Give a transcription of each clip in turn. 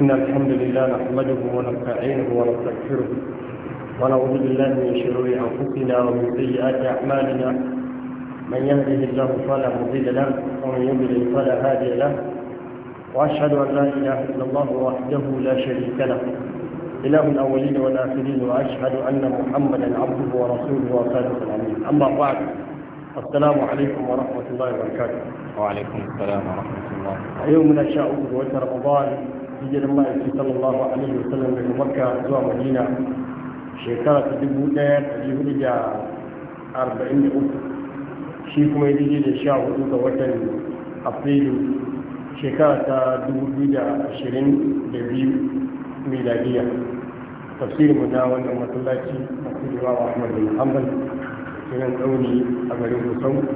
إن الحمد لله نحمده ونستعينه ونستغفره ونعوذ بالله من شرور أنفسنا ومن سيئات أعمالنا من يهده الله فلا مضل له ومن يضلل فلا هادي له وأشهد أن لا إله إلا الله وحده لا شريك له إله الأولين والآخرين وأشهد أن محمدا عبده ورسوله وخالق الأمين أما بعد السلام عليكم ورحمة الله وبركاته وعليكم السلام ورحمة الله من شاء الله رمضان hijirin ma'aiki sallallahu alaihi wa sallam daga makka zuwa madina shekara ta dubu ɗaya ta hudu da arba'in da uku shi kuma ya daidai da sha hudu ga watan afrilu shekara ta dubu biyu da ashirin da biyu miladiya tafsirin mu na wannan masallaci a cikin wa ahmad bin sunan tsauni a garin musamman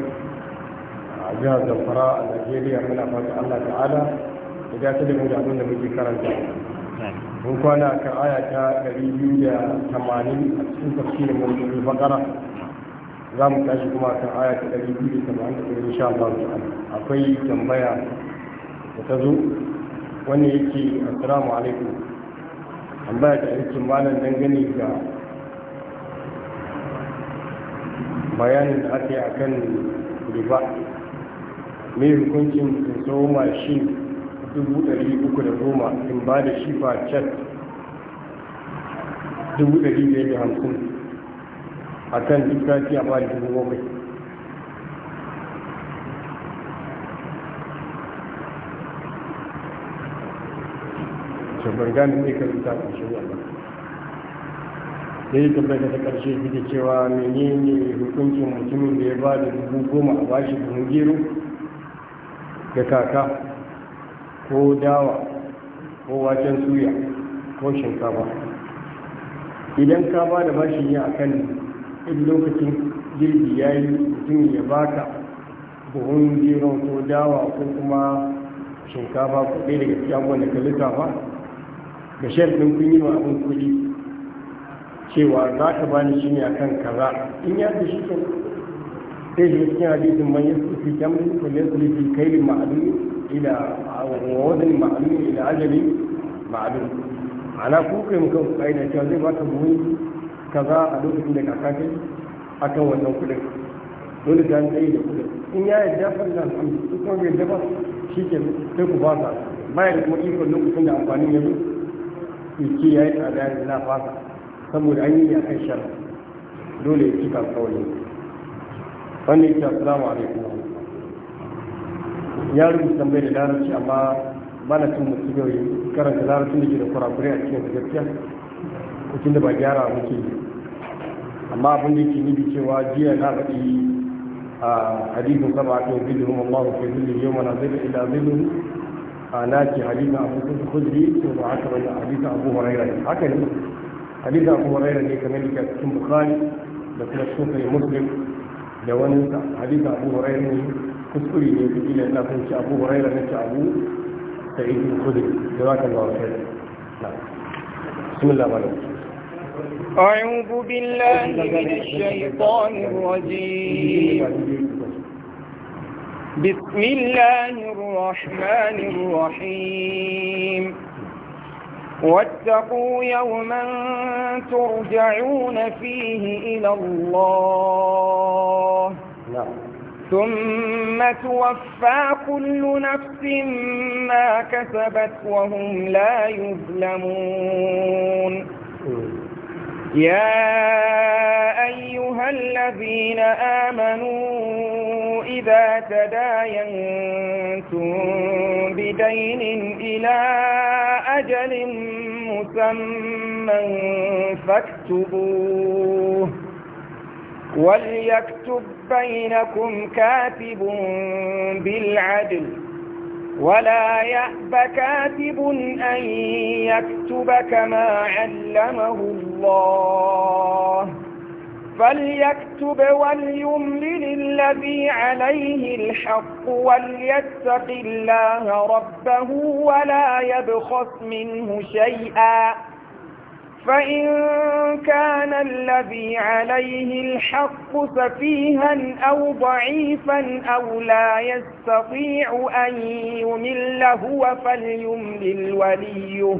a jihar zamfara a najeriya muna fata allah ta'ala ya ta da mu da abin da muke karanta mun kwana ka aya ta 280 a cikin tafsirin mulkin bakara za mu tashi kuma kan aya ta 280 insha Allah akwai tambaya da ta zo wani yake assalamu alaikum tambaya ta yake malam dangane ga bayanin da aka yi akan riba me hukuncin tsohon shi dubu ɗari uku da goma in ba da shi ba chat dubu ɗari biyar da hamsin a kan duk a ba da dubu bakwai shabar gani ne ka zuta a shirya ba sai tabbata ta ƙarshe da cewa menene hukuncin mutumin da ya ba da dubu goma a bashi dubu gero da kaka ko dawa ko wajen suya ko shinkafa idan ka ba da bashin yi akan in lokacin girbi ya yi mutum ya baka buhun jiran ko dawa ko kuma shinkafa ko ɗaya daga cikin abubuwan da ka ba ga sharfin kun yi wa abin kuɗi cewa za ka bani shi ne a kan kaza in ya fi shi sai shi cikin hadisin man yasu fi kamri ko yasu fi kai ma'adu ila ووضع معلوم إلى أجل معلوم على كوكي مكو أين تازي ما تبوي كذا أدوك إنك a kan wannan كلك dole ta tsaye da kudin in ya yarda falla alhamdu su kuma bai shi ke sai ku fasa baya da kuma ikon lokacin da amfani ya zo ce ya yi tsada da na fasa saboda an yi ya kai shara dole ya kawai wannan assalamu alaikum ya rubuta tambayar da larabci amma ba na cin mutu yau karanta larabcin da ke da kurakurai a cikin gaskiya kucin da ba gyara muke amma abin da yake nufi cewa jiya na faɗi a hadisin sama ake zilhum ke fi zilhi mana la zilla illa zilhu na ce hadisin Abu su Khudri to ba haka bane hadisin Abu Hurairah ne haka ne hadisin Abu Hurairah ne kamar yake cikin bukari da kuma cikin Muslim da wani hadisin Abu Hurairah ne kuskure ne su ila na fahimci abu huraira na ci abu da ibn khudri da zaka ba kai bismillah malam أعوذ بالله من الشيطان الرجيم بسم الله الرحمن الرحيم واتقوا يوما ترجعون فيه إلى الله نعم ثم توفى كل نفس ما كسبت وهم لا يظلمون يا أيها الذين آمنوا إذا تداينتم بدين إلى أجل مسمى فاكتبوه وليكتب بينكم كاتب بالعدل ولا يأب كاتب أن يكتب كما علمه الله فليكتب وليملل الذي عليه الحق وليتق الله ربه ولا يبخس منه شيئا فإن كان الذي عليه الحق سفيها أو ضعيفا أو لا يستطيع أن يمل هو فليملل وليه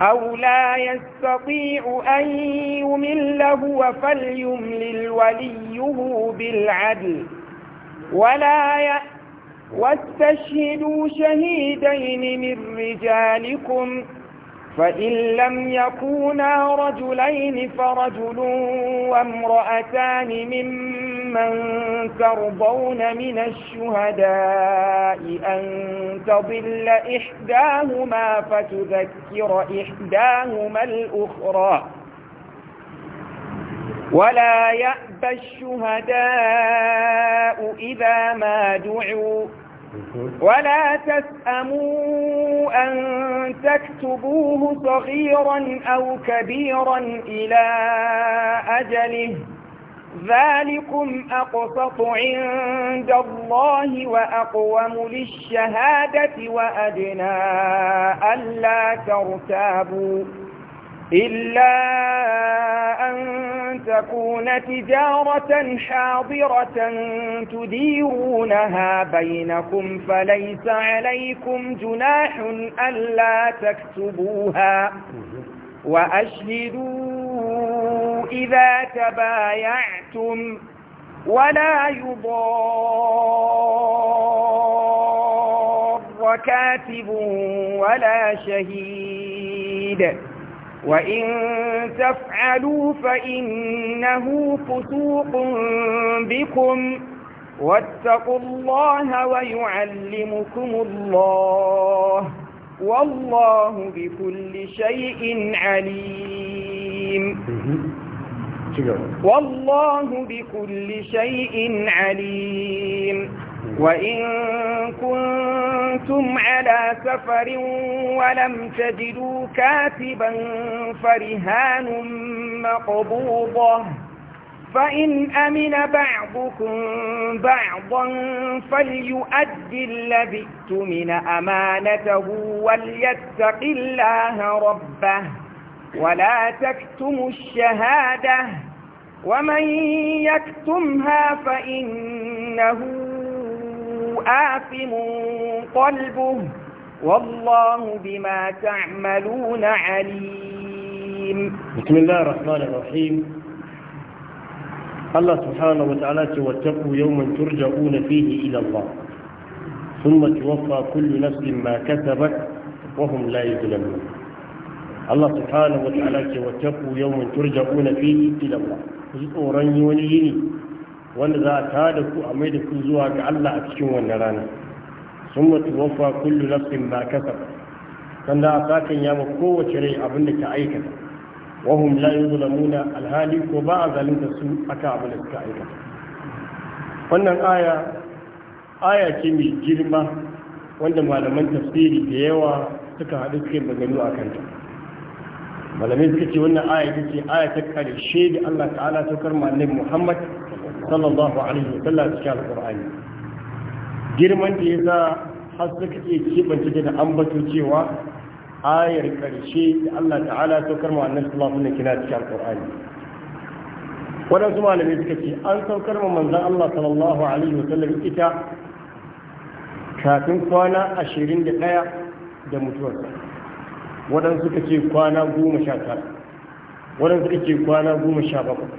أو لا يستطيع أن يمل هو فليملل وليه بالعدل ولا ي... واستشهدوا شهيدين من رجالكم فإن لم يكونا رجلين فرجل وامرأتان ممن ترضون من الشهداء أن تضل إحداهما فتذكر إحداهما الأخرى ولا يأبى الشهداء إذا ما دعوا ولا تسأموا أن تكتبوه صغيرا أو كبيرا إلى أجله ذلكم أقسط عند الله وأقوم للشهادة وأدنى ألا ترتابوا إلا أن تكون تجارة حاضرة تديرونها بينكم فليس عليكم جناح ألا تكتبوها وأشهدوا إذا تبايعتم ولا يضار كاتب ولا شهيد وإن تفعلوا فإنه فسوق بكم واتقوا الله ويعلمكم الله والله بكل شيء عليم والله بكل شيء عليم وإن كنتم على سفر ولم تجدوا كاتبا فرهان مقبوضة فإن أمن بعضكم بعضا فليؤدي الذي من أمانته وليتق الله ربه ولا تكتموا الشهادة ومن يكتمها فإنه آثم قلبه والله بما تعملون عليم بسم الله الرحمن الرحيم الله سبحانه وتعالى واتقوا يوما ترجعون فيه إلى الله ثم توفى كل نفس ما كسبت وهم لا يظلمون الله سبحانه وتعالى واتقوا يوما ترجعون فيه إلى الله ku tsoron yi wani yini wanda za a tada ku a mai da ku zuwa ga Allah a cikin wannan rana sun mutu wafa kullu nafsin ba kasa sanda a sakan yama kowace rai abin da ta aikata wahum la yuzlamuna alhali ko ba a zalunta su aka abin da suka aikata wannan aya aya ce mai girma wanda malaman tafsiri da yawa suka haɗu suke maganu a kanta malamai suka ce wannan aya ta ce aya ta karshe da Allah ta'ala saukar malai Muhammad sallallahu alaihi wa sallam cikin alqur'ani girman da yasa har suka iya kebance da ambato cewa ayar karshe da Allah ta'ala saukar ma annabi sallallahu alaihi wa sallam cikin alqur'ani wadansu malamai suka ce an saukar ma manzon Allah sallallahu alaihi wa sallam ita kafin kwana 21 da mutuwarsa waɗansu suka ce kwana goma sha tara waɗansu suka ce kwana goma sha bakwai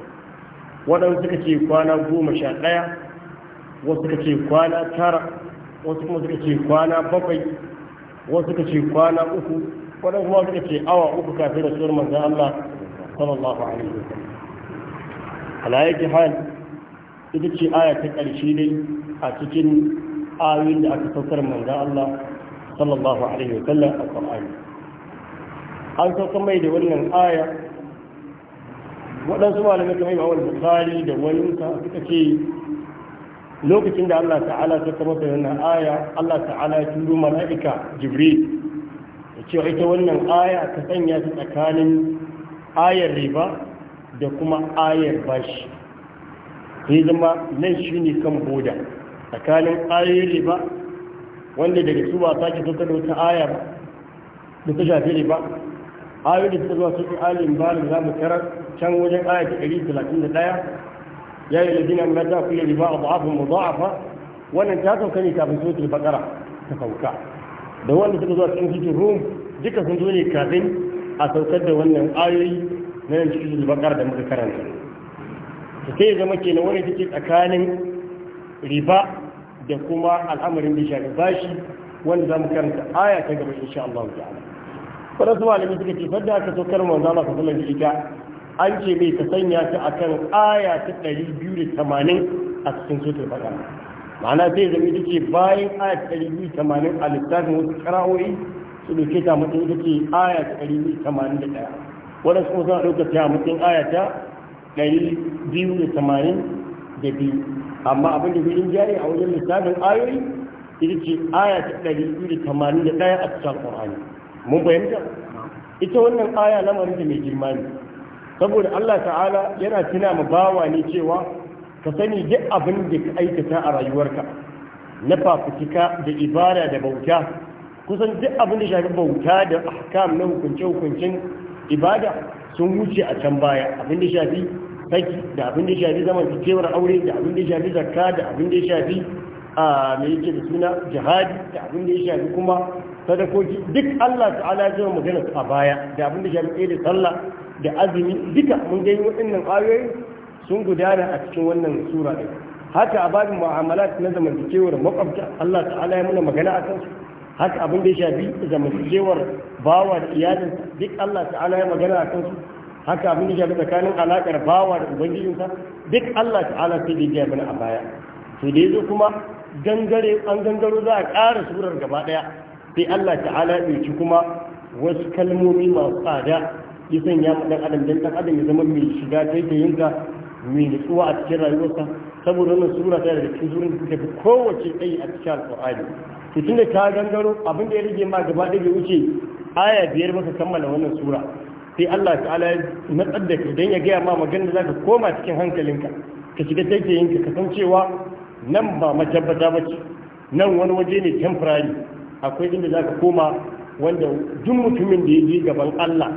waɗansu suka ce kwana goma sha ɗaya wasu suka ce kwana tara wasu kuma suka ce kwana bakwai wasu suka ce kwana uku waɗansu kuma suka ce awa uku kafin da suwar manzan Allah sallallahu alaihi wa sallam ala yake hal ita ce aya ta ƙarshe dai a cikin ayoyin da aka saukar manzan Allah sallallahu alaihi wa sallam a Qur'ani an sauka mai da wannan aya waɗansu malamai kamar yi al-bukhari da wani suka ce lokacin da Allah ta'ala kama da wannan aya Allah ta'ala ya turo mala'ika jibril ya ce ita wannan aya ta sanya ta tsakanin ayar riba da kuma ayar bashi sai zama nan shi ne kan boda tsakanin ayar riba wanda daga su ba sake sauka da wata aya ba da ta shafi riba ayoyi da suka zuwa cikin alin balin za mu karar can wajen aya ta ɗari talatin da ɗaya ya yi ladina na da kulle riba a ba'afin mu ba'afa wannan ta sauka ne kafin sotul ƙara ta sauka da wanda suka zuwa cikin cikin rum duka sun zo ne kafin a saukar da wannan ayoyi na yan cikin ƙara da muka karanta sai zama kenan wani take tsakanin riba da kuma al'amarin da shafi bashi wanda za mu karanta aya ta gaba insha Allah ta'ala waɗansu malami suka ce fadda aka so karin wanzu ala sallallahu alaihi ita an ce mai ta sanya ta akan aya ta ɗari biyu da tamanin a cikin sotar faɗa. ma'ana sai zama ita ce bayan aya ta ɗari biyu tamanin a littafin wasu qara'o'i su dauke ta mutum ita ce aya ta ɗari biyu da tamanin ɗaya wadansu kuma suna ɗaukar ta mutum aya ta biyu. amma abin da gudun jari a wajen littafin ayoyi ita ce aya ta ɗari biyu da da tamanin ɗaya a cikin qur'ani mun fahimta ita wannan aya lamarin da mai girma ne saboda Allah ta'ala yana tuna mu bawa ne cewa ka sani duk abin da ka aikata a rayuwarka na fafutuka da ibada da bauta kusan duk abin da shafi bauta da ahkam na hukunce-hukuncen ibada sun wuce a can baya abin da shafi saki da abin da shafi zaman kewar aure da abin da shafi zakka da abin da shafi a ah, mai yake da suna jihadi da abin da ya shafi kuma sadakoki duk Allah ta'ala ya jira magana a baya da abin da jami'ai da sallah da azumi duka mun gani waɗannan ayoyi sun gudana a cikin wannan sura ɗin haka a babin mu'amalat na zamantakewar makwabta Allah ta'ala ya muna magana a kansu haka abin da ya shafi zamantakewar bawa da iyalin duk Allah ta'ala ya magana a kansu haka abin da ya shafi tsakanin alaƙar bawa da ubangijinsa duk Allah ta'ala sai da ya mana a baya to da yazo kuma gangare an gangaro za a ƙara surar gaba ɗaya sai Allah ta'ala ya ɗauki kuma wasu kalmomi masu tsada ya sanya ma ɗan adam don ɗan adam ya zama mai shiga taitayinka mai nutsuwa a cikin rayuwarsa saboda wannan sura ta da cikin surin da ta kowace tsayi a cikin alƙur'ani to tunda ta gangaro abin da ya rage ma gaba ɗaya bai wuce aya biyar maka kammala wannan sura sai Allah ta'ala ya natsar da ka don ya gaya ma magana da ka koma cikin hankalinka ka shiga taitayinka ka san cewa nan ba matabbata ba ce nan wani waje ne temporary akwai inda za ka koma wanda duk mutumin da ya je gaban Allah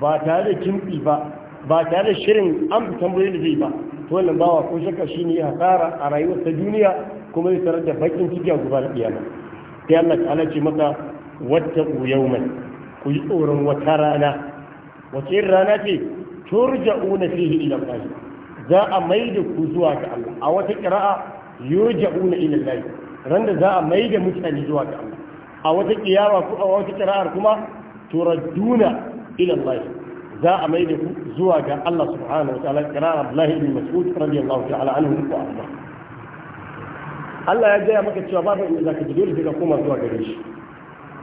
ba tare da kimfi ba ba tare da shirin an fi tambayoyin da zai ba to wannan bawa ko shakka shi ne hasara a rayuwar ta duniya kuma zai tarar da bakin ciki a gaba kiyama sai Allah ala ce maka wata yawman ku yi tsoron wata rana wace rana ce turja'una fihi ila Allah za a mai da ku zuwa ga Allah a wata qira'a yurja'una ila Allah ran da za a mai da mutane zuwa ga Allah a wata kiyawa ko a wata kira'ar kuma turadduna ila Allah za a mai da ku zuwa ga Allah subhanahu wa ta'ala kira'ar Abdullahi ibn Mas'ud radiyallahu ta'ala anhu ko arda Allah ya gaya maka cewa babu inda zaka ji dole sai ka koma zuwa gare shi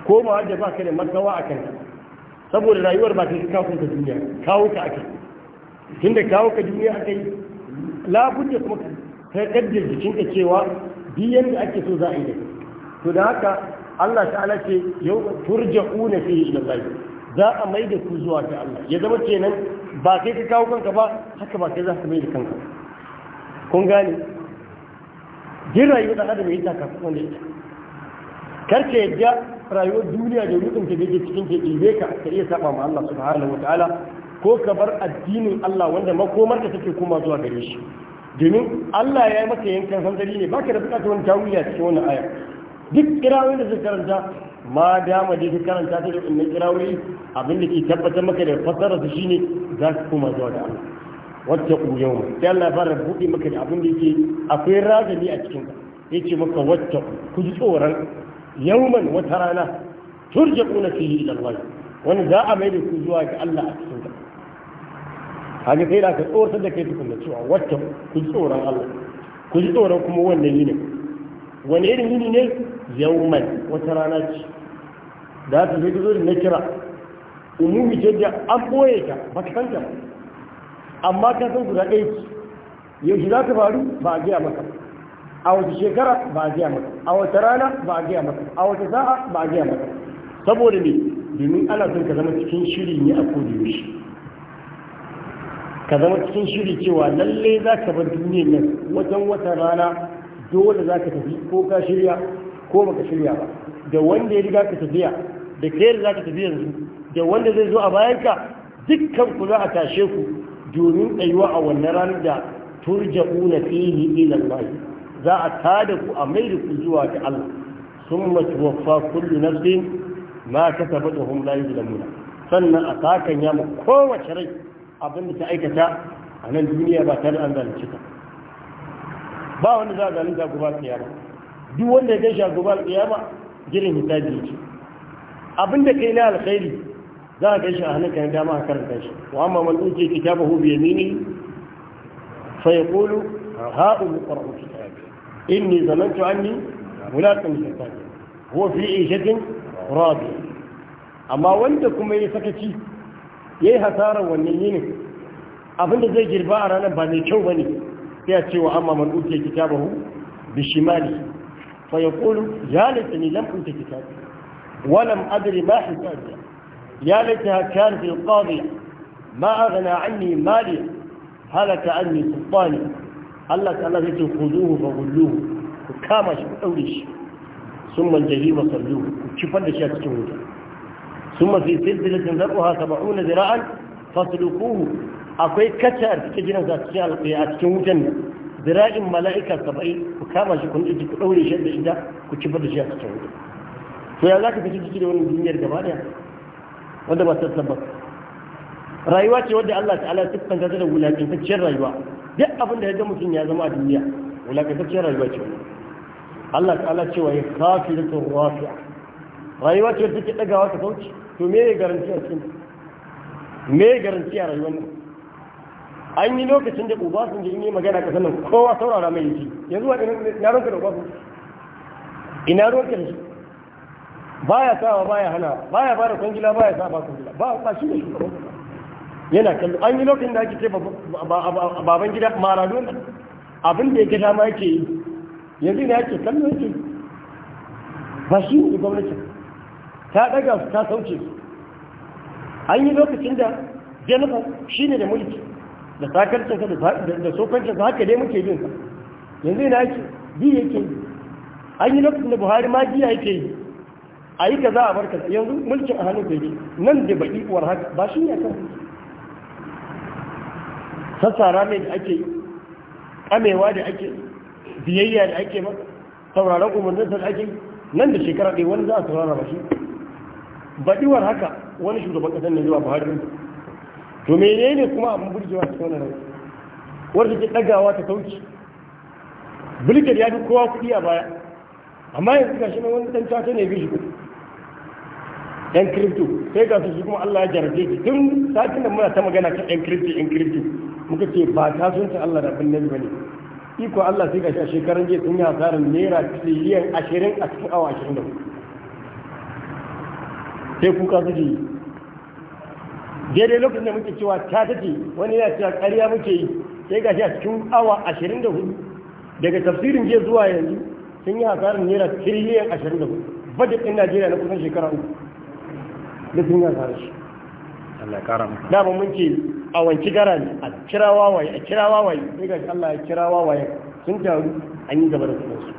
koma da ba ka da makawa a kanka saboda rayuwar ba ta kawo ka duniya kawo ka akai tunda kawo ka duniya akai labudda kuma ka kaddar jikinka cewa biyan da ake so za a yi da to da haka Allah ta'ala ce yau turja'una fihi ila Allah za a mai da ku zuwa ga Allah ya zama kenan ba kai ka kawo kanka ba haka ba kai za ka mai da kanka kun gane jin rayuwar ɗan adam ya yi takafin wanda ya karka yadda rayuwar duniya da rukun ta ke cikin ke ɗibe ka ka iya saba ma Allah subhanahu wa ta'ala ko ka bar addinin Allah wanda makomar ka take kuma zuwa gare shi domin Allah ya yi maka yankan hanzari ne ba ka da bukatar wani tawiliya cikin wani aya duk kirawi da suka karanta ma dama da ka karanta ta da wannan kirawoyi abin da ke tabbatar maka da fasara su shine za su koma zuwa da Allah wata ku ma sai Allah fara buɗe maka da abin da yake akwai ragami a cikin ka yace maka wata ku ji tsoron yauman wata rana na fi ila Allah wani za a mai da ku zuwa ga Allah a cikin ka haka sai da ka tsoratar da kai tukunna cewa wata ku ji tsoron Allah ku ji tsoron kuma wannan yini wani irin yini ne yawman wata rana ce da ta zai zo da na kira umumi ce da an boye ta ba ka ta kanta amma ka san guda ɗaya ce yaushe za ta faru ba a gaya maka a wata shekara ba a gaya maka a wata rana ba a gaya maka a wata sa'a ba a gaya maka saboda ne domin ana son ka zama cikin shiri ne a ko da yaushe? ka zama cikin shiri cewa lalle za ka bar duniyar nan wajen wata rana dole za ka tafi ko ka shirya ko baka shirya ba da wanda ya riga ka tafiya da da za ka tafi yanzu da wanda zai zo a bayanka dukkan ku za a tashe ku domin tsayuwa a wannan ranar da turja'una fihi ila Allah za a tada ku a mai da ku zuwa ga Allah summa tuwaffa kullu nafsin ma kasabat la yuzlamuna sannan a kakan ya mu kowace rai abinda ta aikata a nan duniya ba tare an zalunci ta ba wanda za a zalunta gobe kiyama duk wanda ya gaishe gobe jirin girin hisabi ce. abin da kai na alkhairi za a shi a hannunka ya dama a karanta shi wa amma man uke kitabahu bi yamini fa kolo ha'u zanen kitabi inni zanantu anni mulaqin hisabi ko fi 'ishatin rabi amma wanda kuma ya sakaci yi hasarar wannan yinin abinda zai girba a ranar ba mai kyau ba ne. sai a ce wa amma man uke kitabahu bi shimali fa yaqulu ya laitani lam uta kitabi wa lam adri ma hisabi ya laitaha kanat alqadiya ma aghna anni mali halaka anni sultani Allah ta'ala zai ce khuduhu fa gulluhu ku kama shi ku daure shi ثم الجحيم صلوه كيف اللي شاك ثم في سلسلة ذرعها سبعون ذراعا فاسلكوه akwai kacce a cikin gina za su a cikin wutan zira'in mala'ika saba'i ku kama shi kun ɗauki ku ɗaure shi da ita ku ci da shi a cikin wutan to ya za ka fita ciki da wani duniyar gaba daya wanda ba ta tabbas rayuwa ce wadda Allah ta'ala siffan ta da wulaƙantacciyar rayuwa duk abin da ya ga mutum ya zama a duniya wulaƙantacciyar rayuwa ce Allah ta'ala cewa ya kafi da tsohuwafiya rayuwa ce wadda take ɗagawa ta sauci to me ya garanti a cikin me ya garanti a rayuwar nan an yi lokacin da obasanjo in yi magana ƙasar nan kowa saurara mai yake yanzu wa ina ronka da obasanjo ina ronka da shi baya sawa baya hana baya ya da kwangila baya sa ba kwangila ba ba shi ne shugaban yana kallo an yi lokacin da ake ce baban gida maradona abin da ya gada ma yake yi yanzu ne ake kallo yake ba shi ne gwamnatin ta daga ta sauke an yi lokacin da jennifer shi ne da mulki da sakarcinsa da sokancinsa haka dai muke bin sa yanzu yana ake bi yake yi an yi lokacin da buhari ma giya yake yi a yi kaza a barka yanzu mulkin a hannun yi nan da baki uwar haka ba shi ne kan sassara mai da ake kamewa da ake biyayya da ake maka sauraron umarnin sa da ake nan da shekara ɗaya wani za a saurara ba shi baɗiwar haka wani shugaban ƙasar ne zuwa buhari to menene kuma abin burgewa ta wannan rai wadda ke dagawa ta sauki bulgar ya fi kowa kuɗi a baya amma yanzu ga shi na wani ɗan tata ne bi shi kuɗi yan kirifto sai ga su shi kuma Allah ya jarabe shi tun satin da muna ta magana kan yan kirifto yan kirifto muka ce ba ta sun ta Allah da abin nabi ba ne iko Allah sai ga shi a shekaran jiya sun yi hasarar naira tiliyan ashirin a cikin awa ashirin da sai kuka su ji daidai lokacin da muke cewa ta tafi wani yana cewa ƙarya muke yi sai gashi a cikin awa ashirin da hudu daga tafsirin jiya zuwa yanzu sun yi hasarar naira tiriliyan ashirin da hudu budget ɗin najeriya na kusan shekara uku da sun yi hasarar shi Allah ya kara mu dama mun ce a wanci gara ne a kira wawaye a kira wawaye sai gashi Allah ya kira wawaye sun taru an yi gaba da kudin su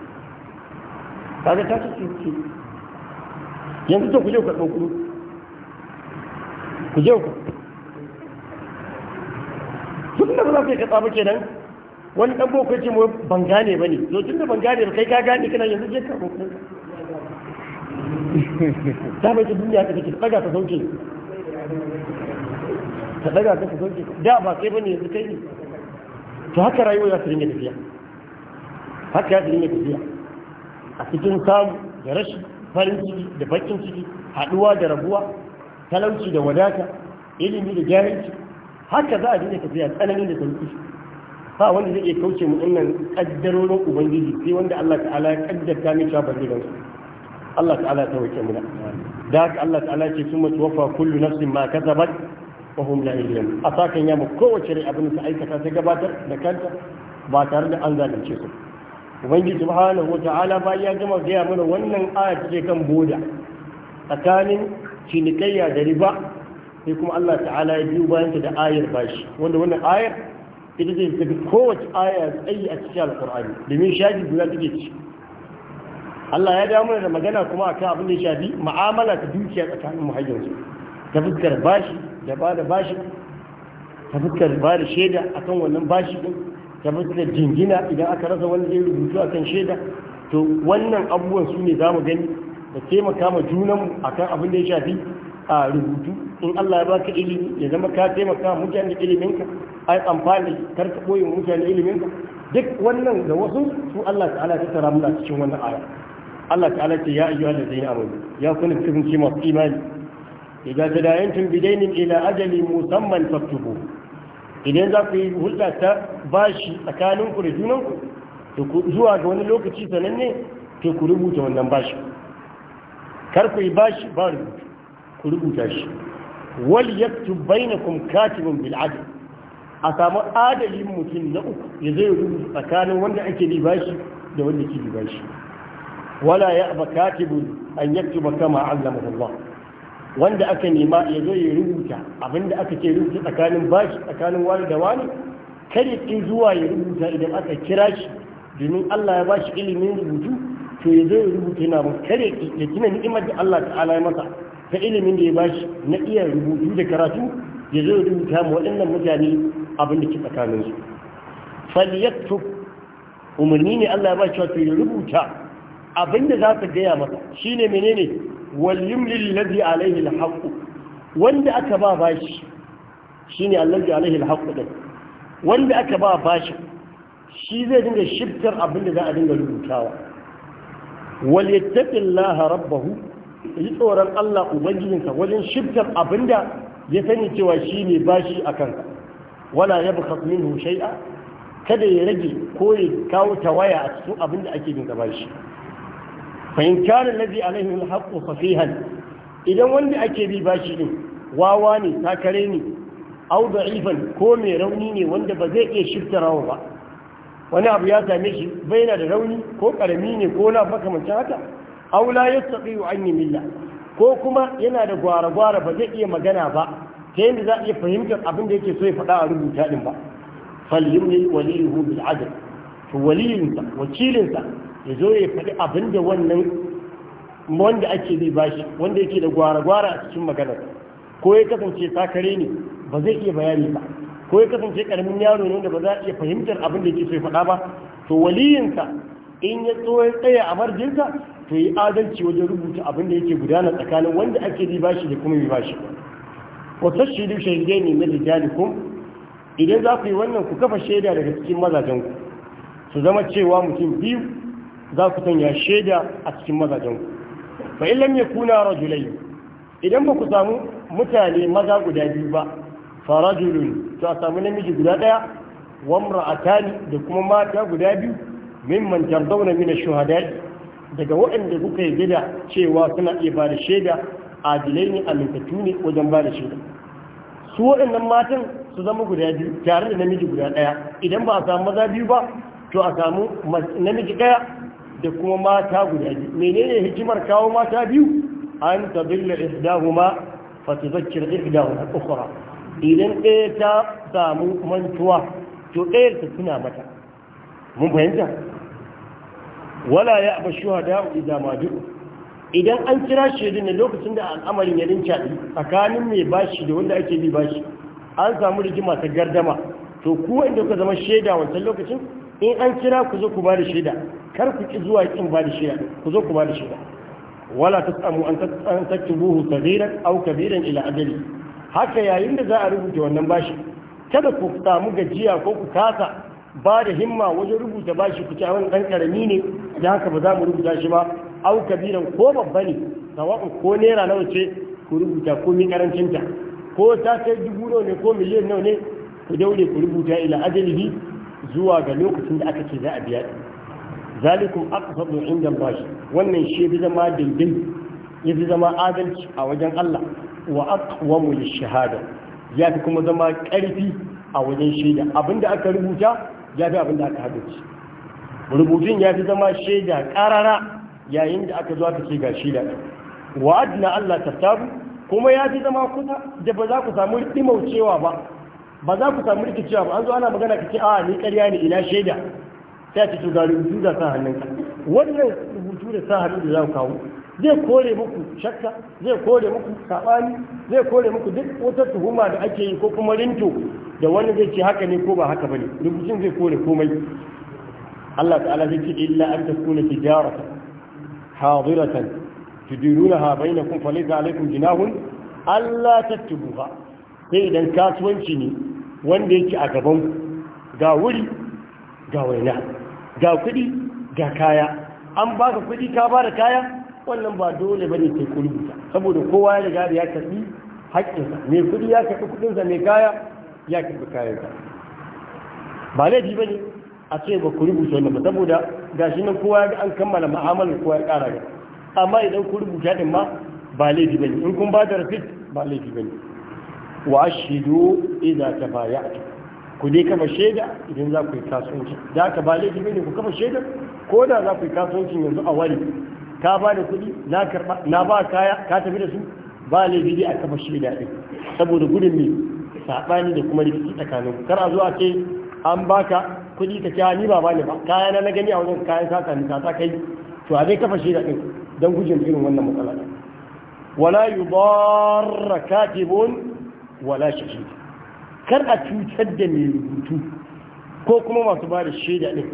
ga ta ce, yanzu to ku je ku ɗauki ku je ku tun da ba za ka yi katsa muke kenan wani ɗan boko ce mu ban gane ba ne to tun da ban gane ba kai ka gane kana yanzu je ka roƙo ta bai ta duniya ta take tsaga ta sauke ta daga ta sauke da ba kai ne yanzu kai ne to haka rayuwa ya ta dinga tafiya haka ya dinga tafiya a cikin samu da rashin farin ciki da bakin ciki haduwa da rabuwa talauci da wadata ilimi da jahilci haka za a dinga tafiya tsanani da sauki ba wanda zai iya kauce mu dinnan kaddarorin ubangiji sai wanda Allah ta'ala ya kaddarta mai cewa bari gansu Allah ta'ala ya tawaye mu da haka Allah ta'ala ce sun summa wafa kullu nafsin ma kasabat wa hum la yuzlamun a sakan ya mu kowace rai abin da ta aikata ta gabatar da kanta ba tare da an zalunce su ubangiji subhanahu wa ta'ala bayan ya gama gaya mana wannan aya take kan boda tsakanin cinikayya da riba sai kuma Allah ta'ala ya biyu bayanta da ayar bashi wanda wannan ayar ita zai tafi kowace aya tsayi a cikin Alƙur'ani, domin shafi guda take ci Allah ya damu da magana kuma akan abin da ya shafi ma'amala ta dukiya tsakanin muhajjinsu ta fuskar bashi da ba da bashi ta fuskar ba da shaida a kan wannan bashi ɗin, ta fuskar jingina idan aka rasa wani zai rubutu a kan shaida to wannan abubuwan su ne za mu gani da taimaka ma junanmu akan abin da ya shafi a rubutu in Allah ya baka ilimi ya zama ka taimaka mutane iliminka ai amfani kar ka koyi mutane iliminka duk wannan da wasu su Allah ta'ala ta tara muna cikin wannan aya Allah ta'ala ce ya ayyuha allazina amanu ya kuna cikin ci masu imani idza tadayantum bidainin ila ajali musamman faktubu idan za ku yi hulɗa ta bashi tsakanin ku da junanku to ku zuwa ga wani lokaci sananne to ku rubuta wannan bashi kar ku yi bashi ba rubutu ku rubuta shi wal yaktub bainakum katibun bil adl a samu adalin mutum na uku ya zai rubuta tsakanin wanda ake bi bashi da wanda ke bi bashi wala ya ba katibun an ba kama allamahu Allah wanda aka nema ya zo ya rubuta abinda aka ce rubuta tsakanin bashi tsakanin wani da wani kare ki zuwa ya rubuta idan aka kira shi domin Allah ya bashi ilimin rubutu to ya zai rubuta yana ba kare ya tuna ni'imar da Allah ta'ala ya masa ta ilimin da ya bashi na iya rubutu da karatu ya zai rubuta mu waɗannan mutane abin da ke tsakanin su falyaktub umarni ne Allah ya bashi wato ya rubuta abin da za ka gaya masa shine menene wal yumlil ladhi alayhi al wanda aka ba bashi shine allazi alayhi al din wanda aka ba bashi shi zai dinga shibtar abin da za a dinga rubutawa wal yattaqillaha rabbahu yi tsoron Allah ubangijinka wajen shibtar abinda ya sani cewa ne bashi a kanka, wala yabkhas minhu shay'a kada ya rage ko ya kawo tawaya a cikin abinda ake bin bashi fa in kana alladhi alayhi alhaqqu safihan idan wanda ake bi bashi din wawa ne takare ne au ifan ko mai rauni ne wanda ba zai iya shibtarawa ba wani abu ya same shi bai yana da rauni ko karami ne ko na mace haka aula ya tsaɗi wa an yi milla ko kuma yana da gwara-gwara ba zai iya magana ba ta yadda za a iya fahimtar abin da yake so ya faɗa a rubuta ɗin ba falim ne waliyuhu bil adl to waliyinsa wakilinsa ya zo ya faɗi abin da wannan wanda ake zai bashi wanda yake da gwara-gwara a cikin maganar ko ya kasance takare ne ba zai iya bayani ba ko ya kasance karamin yaro ne da ba za a iya fahimtar abin da yake so ya faɗa ba to waliyinka in ya tso ya tsaya a marjinsa to yi adalci wajen rubuta abin da yake gudana tsakanin wanda ake ba bashi da kuma bi bashi wa ne na da rijalikum idan za ku yi wannan ku kafa shaida daga cikin mazajenku su zama cewa mutum biyu za ku sanya shaida a cikin mazajenku fa illam yakuna rajulayn idan ba ku samu mutane maza guda biyu ba fa rajulun to a samu namiji guda daya wa imra'atani da kuma mata guda biyu mimman tardawna min shuhada daga waɗanda kuka yi da cewa suna iya ba da shaida adilai ne amintattu ne wajen ba da shaida su waɗannan matan su zama guda biyu tare da namiji guda ɗaya idan ba a samu maza biyu ba to a samu namiji ɗaya da kuma mata guda biyu menene hikimar kawo mata biyu an tabilla ihdahuma fa tuzakkir ihdahuma ukhra idan ɗaya ta samu mantuwa to ɗayar ta suna mata mun fahimta wala ya abu shuhada idza ma duk idan an kira shaidu ne lokacin da al'amarin ya caɗi tsakanin mai bashi da wanda ake bi bashi an samu rigima ta gardama to kuwa inda kuka zama shaida wancan lokacin in an kira ku zo ku ba da shaida kar ku ki zuwa kin ba da shaida ku zo ku ba da shaida wala tasamu an tattubuhu saghiran aw kabiran ila ajali haka yayin da za a rubuta wannan bashi kada ku samu gajiya ko ku kasa ba da himma wajen rubuta bashi ku ci dan karami ne da haka ba za mu rubuta shi ba au kabiran ko babba ne sawa'u ko naira nawa ce ku rubuta ko mi ta ko ta kai dubu nawa ne ko miliyan nawa ne ku daure ku rubuta ila ajalihi zuwa ga lokacin da aka ce za a biya zalikum aqsadu inda bashi wannan shi bi zama dindin ya zama adalci a wajen Allah wa aqwamu lishahada ya fi kuma zama ƙarfi a wajen shaida abinda aka rubuta ya fi abinda aka haddace rubutun ya fi zama shaida ƙarara yayin da aka zo aka ce ga shaida wa adna Allah tattabu kuma ya fi zama kusa da ba za ku samu cewa ba ba za ku samu rikicewa ba an zo ana magana ka ce a ni ƙarya ne ina shaida sai a ce to ga rubutu da sa hannunka wannan rubutu da sa hannu da za ku kawo zai kore muku shakka zai kore muku sabani zai kore muku duk wata tuhuma da ake yi ko kuma rinto da wani zai ce haka ne ko ba haka bane rubutun zai kore komai Allah ta'ala zai ce illa an takuna tijarata hadiratan tudirunaha bainakum falaysa alaykum jinahun alla tatubuha sai idan kasuwanci ne wanda yake a gaban ga wuri ga waina ga kuɗi ga kaya an baka kuɗi ka bada kaya wannan ba dole bane sai ku rubuta saboda kowa ya riga da ya karbi haƙƙinsa mai kuɗi ya karbi kuɗinsa mai kaya ya karbi kayansa ba laifi bane a ce ba ku rubuta wannan ba saboda gashi nan kowa ya an kammala mu'amalar kowa ya ƙara ga amma idan ku rubuta din ma ba laifi bane in kun ba da rafit ba laifi bane wa ashidu idza tabaya'tu ku dai kama shaida idan za ku yi kasuwanci da ka ba laifi bane ku kama shaida ko da za ku yi kasuwancin yanzu a wani ka ba da kuɗi na karba na ba kaya ka tafi da su ba laifi dai a kafa shaida din saboda gudun ne sabani da kuma rikici tsakanin kar a zo a ce an baka kuɗi ka ce ni ba bani ba kaya na gani a wajen kayan sata ni sata kai to a dai kafa shaida din don gujin irin wannan matsala wala yudarra katibun wala shi. kar a cutar da mai rubutu ko kuma masu ba da shaida din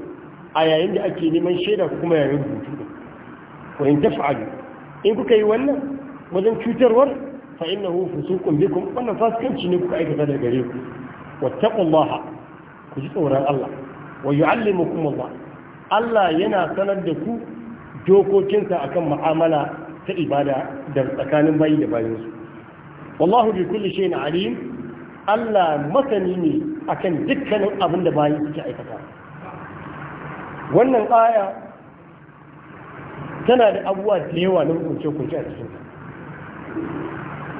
a yayin da ake neman shaida kuma yayin rubutu wa in taf'alu in kuka yi wannan wajen cutarwar fa innahu fusuqun bikum wannan fasikanci ne kuka aikata da gare ku wattaqullaha ku ji tsoron Allah wa yu'allimukum Allah Allah yana sanar da ku dokokinsa akan mu'amala ta ibada da tsakanin bayi da bayinsu wallahu bi kulli shay'in alim Allah masani ne akan dukkanin abin da bayan suke aikata wannan aya tana da abuwa da yawa na hukunce hukunce a cikin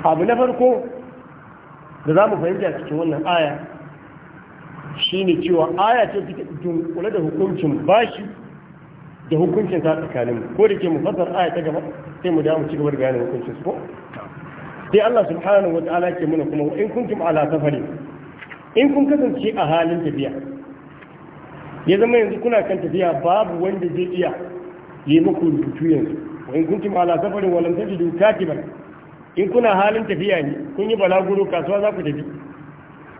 abu na farko da za mu fahimta cikin wannan aya shi ne cewa aya ce take dunkule da hukuncin bashi da hukuncin ta tsakanin ko da ke mu fasar aya ta gaba sai mu damu ci gaba da bayanin hukuncin su ko sai Allah subhanahu wata'ala ke muna kuma in kuntum ala safari in kun kasance a halin tafiya ya zama yanzu kuna kan tafiya babu wanda zai iya yi muku rubutu yanzu wa in kuntum ala safarin wa lam tajidu katiban in kuna halin tafiya ne kun yi balaguro kasuwa za ku tafi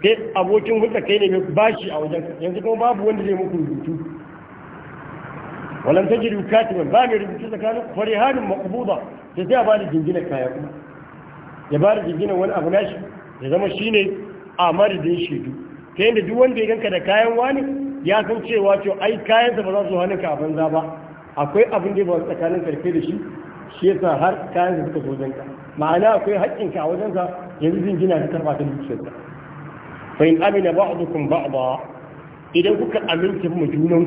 sai abokin hulɗa kai ne mai bashi a wajen yanzu kuma babu wanda zai muku rubutu walam tajidu katiban ba mai rubutu tsakanin farihanin maqbuda sai sai a ba da jingina kaya kuma ya ba da jingina wani abu nashi ya zama shine a madadin shaidu ta yadda duk wanda ya ganka da kayan wani ya san cewa cewa ai kayansa ba za su hannunka a banza ba akwai abin da ba tsakanin karfe da shi shi yasa har kayan da suka zo ka ma'ana akwai haƙƙinka a wajensa yanzu zin gina ta karɓa ta dukiyarsa fa in amina ba'dukum ba'da idan kuka aminta mu junan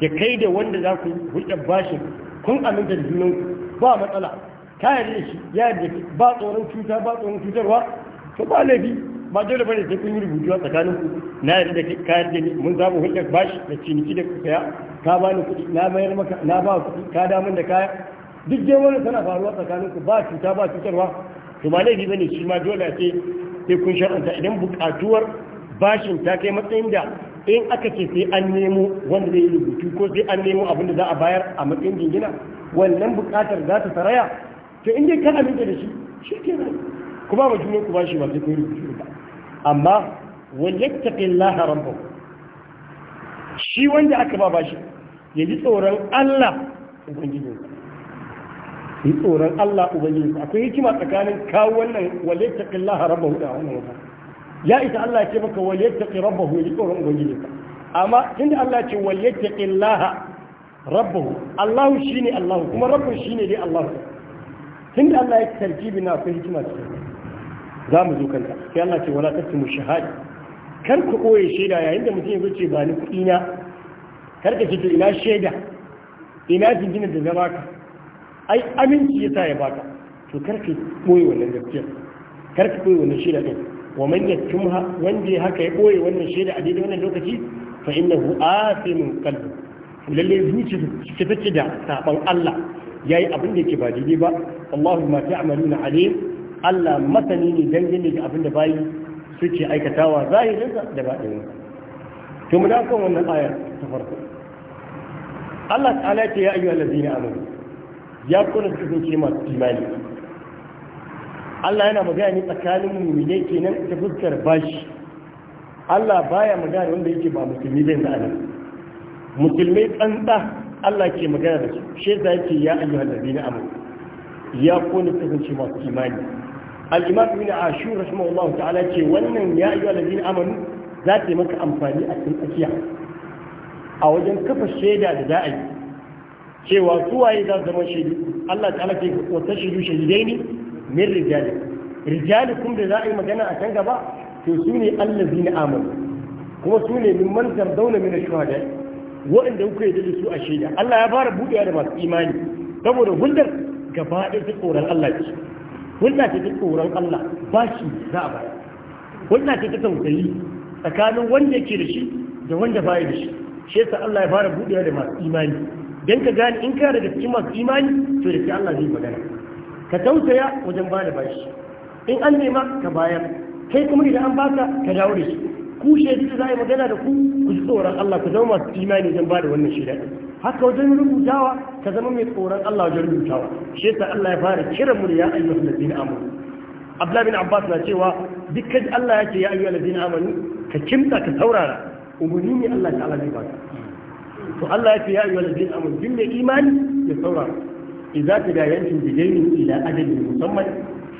da kai da wanda za ku hulɗa bashin kun aminta da junan ba matsala ka yarda shi ya yarda ba tsoron cuta ba tsoron cutarwa to ba laifi ba dole bane sai kun yi rubutu a tsakanin ku na yarda da ka yarda ni mun samu hulɗa bashi da ciniki da saya ka ba ni kuɗi na mayar maka na ba kuɗi ka da mun da kaya duk dai wannan tana faruwa tsakanin ku ba cuta ba cutarwa to ba laifi bane shi ma dole sai sai kun sharanta idan buƙatuwar bashin ta kai matsayin da in aka ce sai an nemo wanda zai yi rubutu ko sai an nemo abin da za a bayar a matsayin jingina wannan buƙatar za ta saraya to in dai ka aminta da shi shi kenan Kuma ba ma juna ku bashi ba sai kun rubutu amma waliyattaqillaha rabbuhu shi wanda aka ba bashi ya ji tsoron Allah ubangijinsa yi tsoron Allah ubangijinsa akwai hikima tsakanin kawo wannan wale waliyattaqillaha rabbuhu da wannan wata ya isa Allah ya ce maka waliyattaqi rabbuhu ya ji tsoron ubangijinsa amma tunda Allah ya ce waliyattaqillaha rabbuhu Allah ne Allah kuma rabbuhu shine dai Allah da Allah ya tarjibi na akwai hikima cikin za mu zo kanka sai Allah ce wala taktumu shahada kar ku koye shaida yayin da mutum ya ce ba ni kuɗi na kar ka ce ina shaida ina jingina da zama ka ai aminci yasa ya baka to kar ka koye wannan gaskiya kar ka koye wannan shaida din wa man yaktumha wanda ya haka ya koye wannan shaida a daidai wannan lokaci fa innahu asimun qalbu lalle zuci ce take da sabon Allah yayi abin da yake ba daidai ba Allahu ma ta'maluna alim Allah masani ne dangane da abin da bayi suke aikatawa zahirinsa da baɗin to mu dakan wannan aya ta farko Allah ta'ala ya ce ya ayyuhal ladina amanu ya kuna su kasance masu imani Allah yana magana ne tsakanin mu'mini kenan ta fuskar bashi Allah baya magana wanda yake ba musulmi bai da anan musulmai tsantsa Allah ke magana da shi shi yasa yake ya ayyuhal ladina amanu ya kuna su kasance masu imani al-imam ibn ashur rahimahullahu ta'ala ce wannan ya ayyuhal ladina amanu za ta yi maka amfani a cikin tsakiya a wajen kafa shaida da za a yi cewa suwaye za su zama shaidu Allah ta'ala ce wata shaidu shaidai ne min rijali rijalikum da za a yi magana a can gaba to su ne allazina amanu kuma su ne min man zardauna min shuhada waɗanda kuka yi da su a shaida Allah ya fara buɗewa da masu imani saboda hulɗar gaba ɗaya ta tsoron Allah ce hulɗa ce ta tsoron Allah ba shi za a bayar hulɗa ce ta tausayi tsakanin wanda yake da shi da wanda baya da shi shi yasa Allah ya fara buɗewa da masu imani dan ka gane in ka da cikin masu imani to da ke Allah zai magana ka tausaya wajen ba da bashi in an nema ka bayar kai kuma idan an baka ka dawo da shi ku shi da za a yi magana da ku ku ji tsoron Allah ku zama masu imani wajen ba da wannan ɗin haka wajen rubutawa ka zama mai tsoron Allah wajen rubutawa shi yasa Allah ya fara kira mu ya ayyuhal ladina amanu Abdullah bin Abbas na cewa dukkan Allah yake ya ayyuhal ladina amanu ka kimta ka saurara umuni ne Allah ta'ala zai baka to Allah yake ya ayyuhal ladina amanu din mai imani ya saurara idza tadayantum bi daynin ila ajalin musamman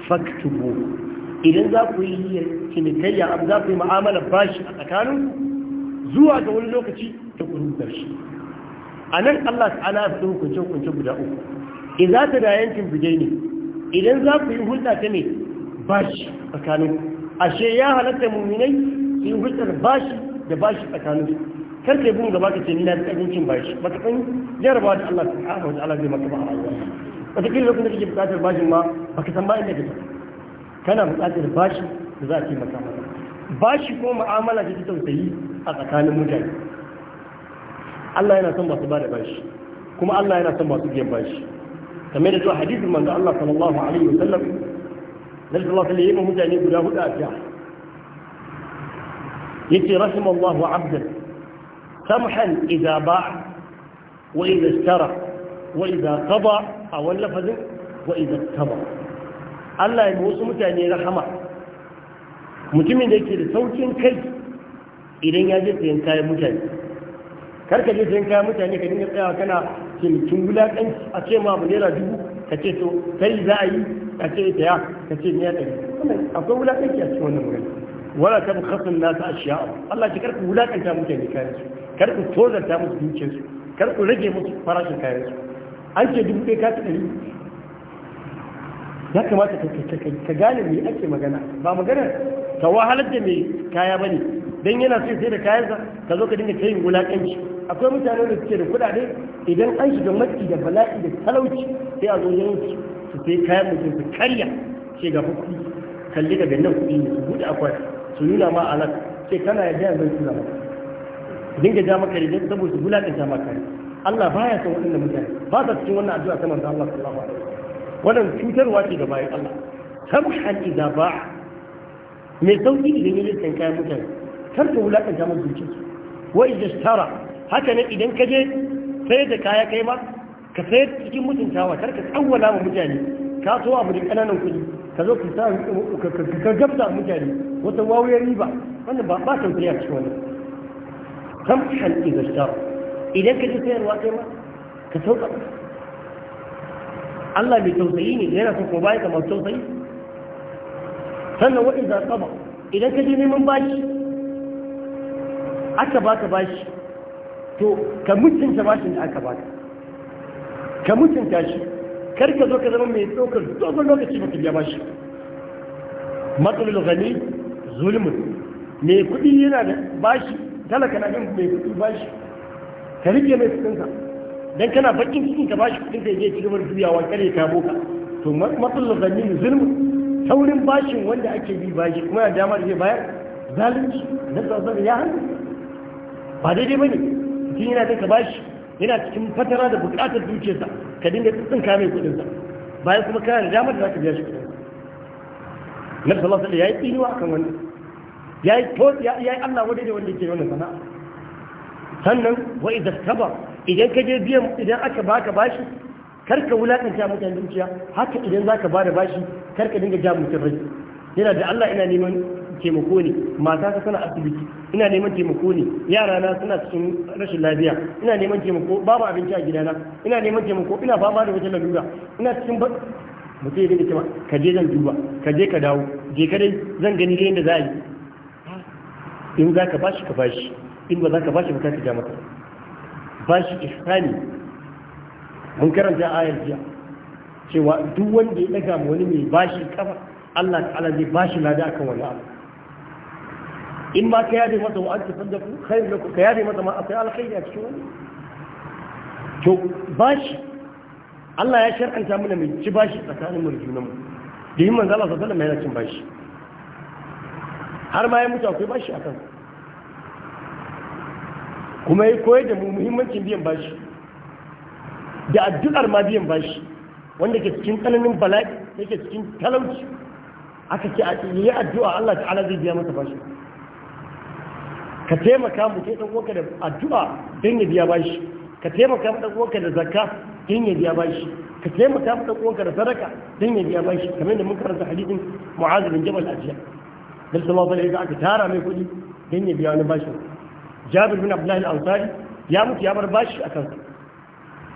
faktubu idan za ku yi cinikayya abu za ku yi mu'amala bashi a tsakanin zuwa ga wani lokaci ta da shi a nan Allah ta'ala ya fi hukunce-hukunce guda uku idan ta da yankin bidai ne idan za ku yi hulɗa ta ne bashi tsakanin ashe ya halatta mummunai su yi hulɗar bashi da bashi tsakanin kar bin gaba ka ce ni na da abincin bashi ba ta san jarabawa da Allah subhanahu ala ta'ala zai maka ba a rayuwa ta kiri lokacin da kake buƙatar bashin ma ba ka san ba inda kake kana buƙatar bashi da za a ce maka bashi ko ma'amala ce ta tausayi a tsakanin mutane Allah yana son masu da bashi kuma Allah yana son masu biyan bashi kamar da zuwa hadisin manzo Allah sallallahu alaihi wasallam nabi sallallahu alaihi wasallam mutane guda hudu a fiya yace rahimallahu abdan samhan idza ba wa idza ishtara wa idza qada aw lafazin wa idza taba Allah ya wasu mutane rahama mutumin da yake da saukin kai idan ya je sayan kayan mutane kar ka je sayan kayan mutane ka dinga tsayawa kana cinikin wulaƙanci a ce ma abu naira dubu ka ce to kai za a yi ka ce ita ya ka ce ne ya ɗari akwai wulaƙanci a cikin wannan magana wala ta bukhasun nasu a shiya Allah ce kar ku wulaƙanta mutane kayan su kar ku tozarta musu dukiyarsu kar ku rage musu farashin kayan su an ce dubu ɗaya ka ta ɗari ya kamata ka gane me ake magana ba magana ka wahalar da mai kaya ba ne don yana sai sai da kayansa ka zo ka dinga ta wulaƙanci akwai mutane da suke da kuɗaɗe idan an shiga matsi da bala'i da talauci sai a zo yanki su sai kayan mutum su karya ce ga kuɗi kalli daga nan kuɗi ne su buɗe akwai su nuna ma alat Sai kana ya gaya zan tura maka dinga ja maka rigar saboda su bulaƙanta maka Allah baya son waɗannan mutane ba sa cikin wannan addu'a ta manzo Allah sallallahu alaihi wasallam wannan cutarwa ce ga bayan Allah tamhan idza ba'a mai sauki idan ya listan kayan mutane kar ka wulaƙanta musu zuciyarsu wa idza tara haka ne idan ka je sayar da kaya kai ma ka sayar cikin mutuntawa kar ka tsawwala wa mutane ka so abu da kananan kuɗi ka zo ka sa ka gabta mutane wata wawuyar riba wannan ba ba san kuɗi a cikin wannan samhan idashtar idan ka ji sayarwa kai ma ka sauka Allah mai tausayi ne yana so ko baya kamar tausayi sannan wa'in za idan ka je neman bashi aka baka bashi to ka mutunta bashin da aka baka ka mutunta shi kar ka zo ka zama mai ɗaukar dogon lokaci ka biya bashi matsalul gani zulmun mai kuɗi yana da bashi talaka na bin mai kuɗi bashi ka rike mai kuɗinsa dan kana bakin cikin ka bashi kuɗin ka yake ci gaba da juyawa kare ka boka to matsalul gani zulmun saurin bashin wanda ake bi bashi kuma yana damar zai bayar zalunci na tsazar ya hannu ba daidai ba ne mutum yana kai ka bashi yana cikin fatara da bukatar dukiyarsa ka dinga tsitsin ka mai kudinsa bayan kuma kana da damar da za ka biya shi kudin na sallallahu alaihi ya yi tsiniwa akan wani, ya yi tot ya yi Allah wadai da wanda yake wannan sana'a sannan wa idza kaba idan ka je biyan idan aka baka bashi karka wulakanta mutane dukiya haka idan zaka bada bashi karka dinga ja mutum rai yana da Allah ina neman taimako ne mata ta tana asibiti ina neman taimako ne yara na suna cikin rashin lafiya ina neman taimako babu abinci a gidana ina neman taimako ina fama da wata lalura ina cikin mutum ya dinga cewa ka je zan duba ka je ka dawo je ka dai zan gani dai yadda za a yi in za ka bashi ka bashi in ba za ka bashi ba ka ja maka bashi ihsani mun karanta ayar jiya cewa duk wanda ya daga wani mai bashi kafa Allah ta'ala zai bashi lada akan wani abu in ba ka yabe masa wa'an tafar da khairu lakum ka yabe masa ma akwai alkhairi a cikin wani to bashi Allah ya shar'anta mana mai ci bashi tsakanin mu da junanmu da yin manzo Allah sallallahu alaihi wasallam yana cin bashi har ma ya mutu akwai bashi akan kuma ya koyar da mu muhimmancin biyan bashi da addu'ar ma biyan bashi wanda ke cikin tsananin bala'i yake cikin talauci aka ce a yi addu'a Allah ta'ala zai biya masa bashi ka taimaka mu ke dan uwanka da addu'a din ya biya bashi ka taimaka mu dan uwanka da zakka din ya biya bashi ka taimaka mu dan uwanka da sadaka din ya biya bashi kamar da mun karanta hadisin Mu'adh bin Jabal ajiya dan sama fa da aka tara mai kuɗi din ya biya wani bashi Jabir bin Abdullahi al-Ansari ya mutu ya bar bashi a kansa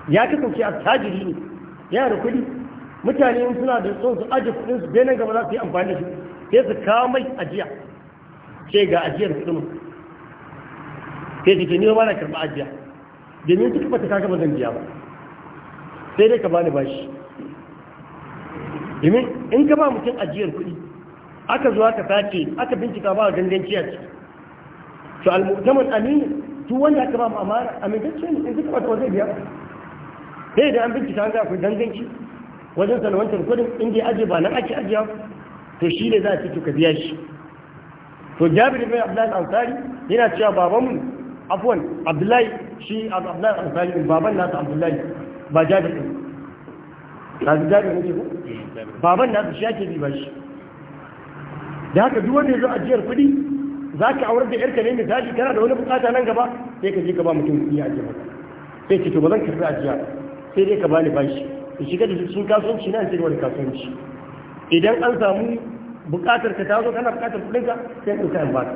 ya kasance a attajiri ne ya da kuɗi mutane in suna da son su aje kuɗin su bai nan gaba za su yi amfani da shi sai su kawo mai ajiya sai ga ajiyar kuɗin kai ce ne ba na karba ajiya domin suka bata kaka ba zan biya ba sai dai ka ba ni bashi domin in ka ba mutum ajiyar kuɗi aka zo aka sace aka bincika ba ganganci a ciki to al-mu'taman amin duk wanda aka ba mu amana amintacce ne in suka bata ta zai biya ba sai da an bincika an ga akwai ganganci wajen salwantar kuɗin in dai ajiye ba nan ake ajiya to shi ne za a ce to ka biya shi to jabir bin abdullahi ansari yana cewa babanmu afwan abdullahi shi abdullahi ansari baban nasu abdullahi ba jabi din na jabi ne ko baban nasu shi yake bi ba shi da haka duk wanda ya zo ajiyar kuɗi za ka aure da yarka ne misali kana da wani bukata nan gaba sai ka je ka ba mutum kuɗi a ajiyar sai ce to ba zan karɓi ajiya sai dai ka bani bashi ka shiga da sun kasuwanci na cikin wani kasuwanci idan an samu bukatar ka ta zo kana bukatar kuɗinka sai ka ba baka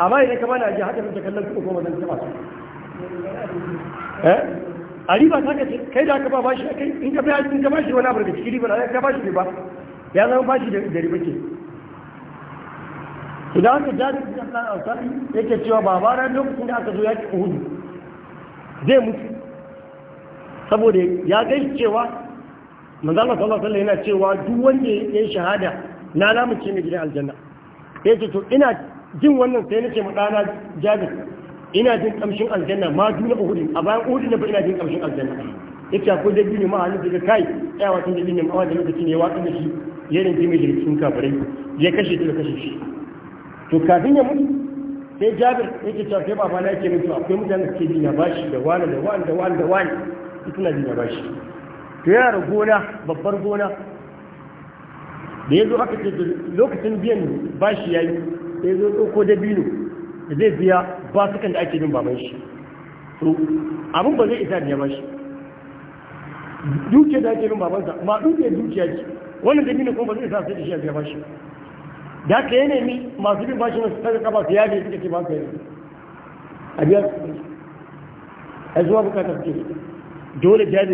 amma idan ka bana ajiye haka kake kallon kuɗi kuma zan taɓa su eh a riba ta kace kai da aka ba bashi kai in ka bayar in ka bashi wani abu da cikin riba ka bashi riba ya zama bashi da riba ke idan aka jaji da Allah al-Sari yake cewa babana lokacin da aka zo ya yaki Uhud zai mutu saboda ya gaishe cewa manzo Allah sallallahu alaihi wasallam yana cewa duk wanda ya shahada na lamuce ne gidan aljanna yake to ina jin wannan sai nace mu dana jabir ina jin kamshin aljanna ma duna uhudin a bayan uhudin ba ina jin kamshin aljanna yace akwai da ne ma hannu daga kai ya wata da ne ma wanda lokaci ne wata da shi ya jimi da cikin kafirai ya kashe ta da kashe shi to kafin ya mutu sai jabir yace ta sai na yake mutu akwai mutane da suke bi na bashi da wani da wani da wani da wani suna bi na bashi to yana gona babbar gona da ya zo aka ce lokacin biyan bashi ya yi da ya zo dabino da zai biya ba sukan da ake bin baban shi abin ba zai isa biya ba shi dukiya da ake bin ma dukiya dukiya ce wannan dabino kuma ba zai isa sai da shi a ba shi da haka nemi masu bin bashi masu su yaje suka ce ba su a biya su a zuwa bukatar dole zai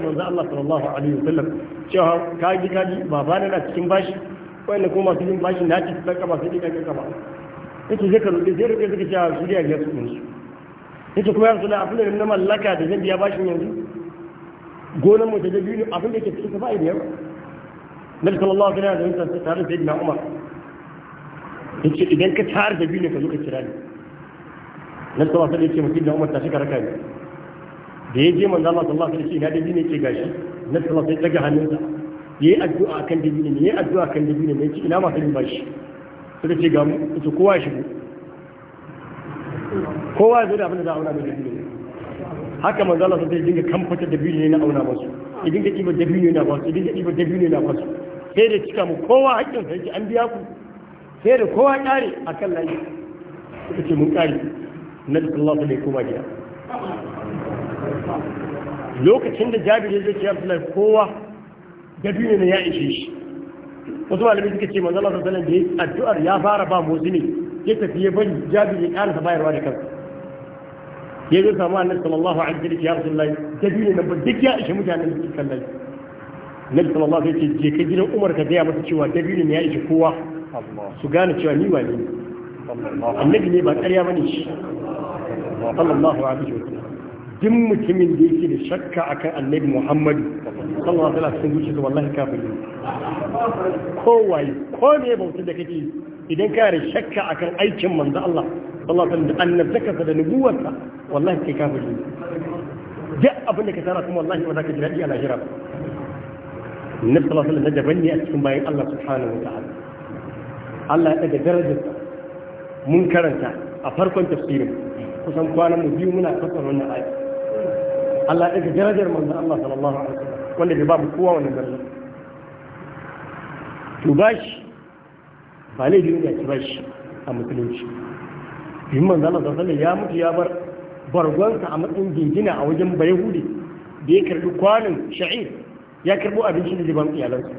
manzo Allah sallallahu alaihi wasallam cewa kaji kaji babana na cikin bashi wanda kuma masu yin bashi na cikin ɗan kama sai ɗan ɗan kama yake zai karu zai rufe suka cewa su riya su ɗin su kuma yanzu na abin da mallaka da biya bashin yanzu gonan mu da da biyu abin da ke cikin sa ba'i da yawa nabi sallallahu alaihi wasallam da yanzu tare da sayyidina umar yake idan ka tare da biyu ne ka zo ka kira ni nabi sallallahu alaihi wasallam yake mutum umar ta shi karaka ne da ya je manzo Allah sallallahu alaihi wasallam ina da biyu ne ke gashi nabi sallallahu alaihi wasallam daga hannunsa yi addu'a kan dabino ne yi addu'a kan dabino ne ci ina masu kalin bashi suka ce ga su kowa shigo kowa zai da abin da za a auna mai dabino ne haka manzo sun sai dinga kamfata dabino ne na auna masu ya dinga ɗiba dabino na masu ya dinga ɗiba dabino na masu sai da cika mu kowa hakkin sarki an biya ku sai da kowa ƙare a kan layi suka ce mun kare na da Allah sai koma gida lokacin da jabi ne zai ce Abdullahi kowa dabino ne ya ishe shi wasu malamai suka ce manzo Allah sallallahu alaihi wasallam addu'ar ya fara ba motsi ne ya tafi ya bari jabir ya karasa bayarwa da kansa ya zo samu annabi sallallahu alaihi wasallam ya rasulullahi dabino ne ba duk ya ishe mutanen da suke kallon Nabi sallallahu alaihi wasallam ya ce je ka gidan Umar ka gaya masa cewa dabino ne ya ishe kowa su gane cewa ni wane ne annabi ne ba ƙarya bane shi sallallahu alaihi wasallam duk mutumin da yake da shakka akan annabi muhammadu sallallahu alaihi wasallam sun zuciya wallahi kafin ne kowai ko ne bautar da kake idan ka da shakka akan aikin manzo Allah sallallahu alaihi wasallam annabtaka da nubuwarsa wallahi kai kafin ne duk abin da ka tara kuma wallahi ba za ka ji daɗi a lahira ba ne sallallahu alaihi wasallam ne a cikin bayan Allah subhanahu wa Allah ya daga mun karanta a farkon tafsirin kusan kwanan mu biyu muna fasar wannan ayat Allah ɗaga darajar manzon Allah sallallahu alaihi wasallam wanda bai babu kowa wannan darajar to bashi ba laifin ne a ci bashi a musulunci bin manzon Allah sallallahu ya mutu ya bar bargonsa a matsayin jingina a wajen bayahudi da ya karbi kwanin sha'ir ya karbo abinci da jiban iyalansa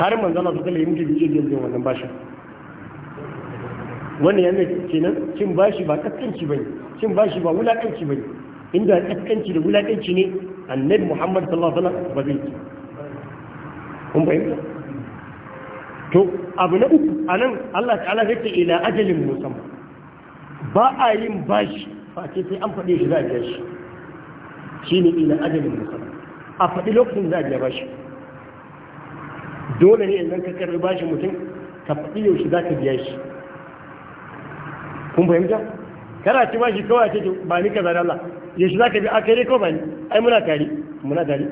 har manzon Allah sallallahu ya mutu da bai je wannan bashin wannan yana kenan cin bashi ba kaskanci bane cin bashi ba wulakanci bane inda kaskanci da wulakanci ne annabi muhammad sallallahu alaihi wasallam ba zai ci kun bayyana to abu na uku anan Allah ta'ala zai ce ila ajalin musamman ba a yin bashi face sai an faɗe shi za a biya shi shine ila ajalin musamman a faɗi lokacin za a biya bashi dole ne idan ka karbi bashi mutum ka faɗi yaushe za ka biya shi kun fahimta kana ci bashi kawai ce ba ni ka da Allah yaushe za ka bi a kai ko ba ni ai muna tare muna tare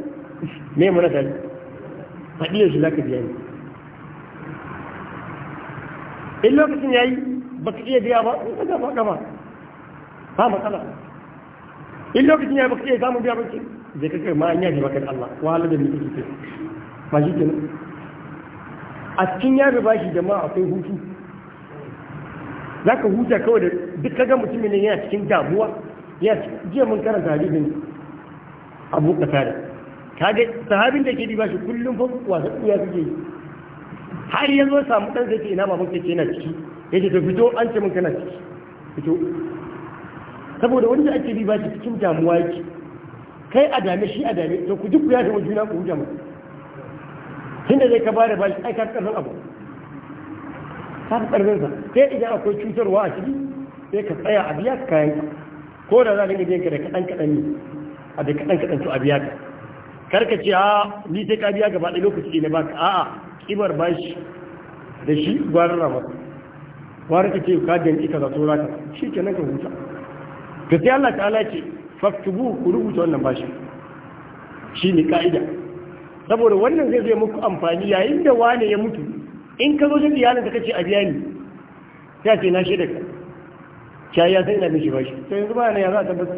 me muna tare faɗi yaushe za ka biya ni in lokacin ya yi ba ka iya biya ba in ka gaba gama ba matsala in lokacin ya yi ba ka iya samun biya ba ke zai kai ma an yaji bakar Allah wahala da mutu ke ba shi kenan a cikin yaji ba shi jama'a akwai hutu za ka huta kawai da duk kaga mutumin yana cikin damuwa ya jiya mun karanta hadisin abu kasada kaje sahabin da ke diba shi kullum fa wasa ya suke yi har ya samu dan sai ina baban kake yana ciki yace to fito an ce mun kana ciki fito saboda wanda ake diba shi cikin damuwa yake kai a dame shi a dame to ku duk ya tafi juna ku jama tunda zai ka bada bashi ai ka karban abu ka karban sa sai idan akwai cutarwa a ciki sai ka tsaya a biya kayan ka ko da za ka gaje ka da kaɗan kaɗan ne a da kaɗan kaɗan to a biya ka karka ce a ni sai ka biya gaba ɗaya lokaci ne baka a'a kibar bashi da shi gwarar rama gwarar ka ce ka ita ka zato ka. shi nan ka huta ka sai Allah ta'ala ce faktubu ku rubuta wannan bashi shi ne ka'ida saboda wannan zai zai muku amfani yayin da wane ya mutu in ka zo jin iyalin ka kace a biya ni sai ce na shaida ka shayi ya sai ina mishi bashi to yanzu bayan ya za a tabbata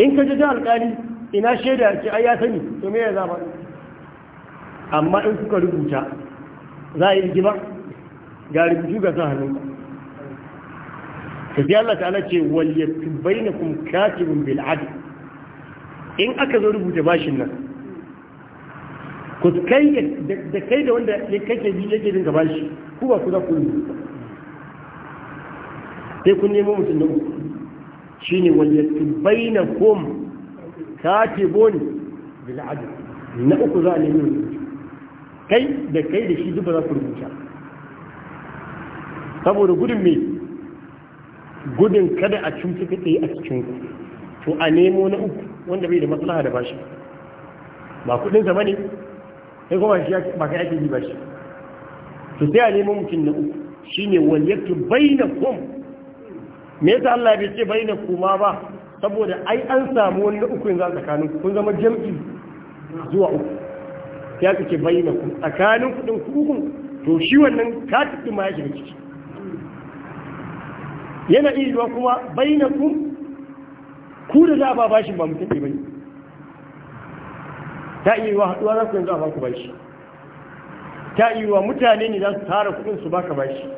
in ka ji ta alƙali ina shaida ce ai ya sani to me ya zama amma in suka rubuta za a yi rigima ga rubutu ga sa hannunka tafi Allah ta'ala ce waliyattu kum katibun bil adl in aka zo rubuta bashin nan ku kai da kai da wanda yake bi yake din gaban shi ku ba ku za ku rubuta sai kun nemo mutum na uku shine wal ka bainakum katibun da adl na uku za a nemi rubutu kai da kai da shi duk za ku rubuta saboda gudun mai, gudun kada a cuta kake a cikin ku to a nemo na uku wanda bai da maslaha da bashi ba kudin sa bane sai kuma shi ba kai ake yi bashi to sai a nemo mutum na uku shine wal yaktub bainakum me yasa Allah bai ce bai na kuma ba saboda ai an samu wani uku yanzu a tsakanin kun zama jam'i zuwa uku ya kace bai na kuma tsakanin kudin uku to shi wannan katin ma ya shiga ciki yana iya yiwuwa kuma bai na kun ku da za a ba bashin ba mutum bai ta iya wa haɗuwa za ku yanzu a ba ku bashi ta iya wa mutane ne za su tara kuɗin su baka bashi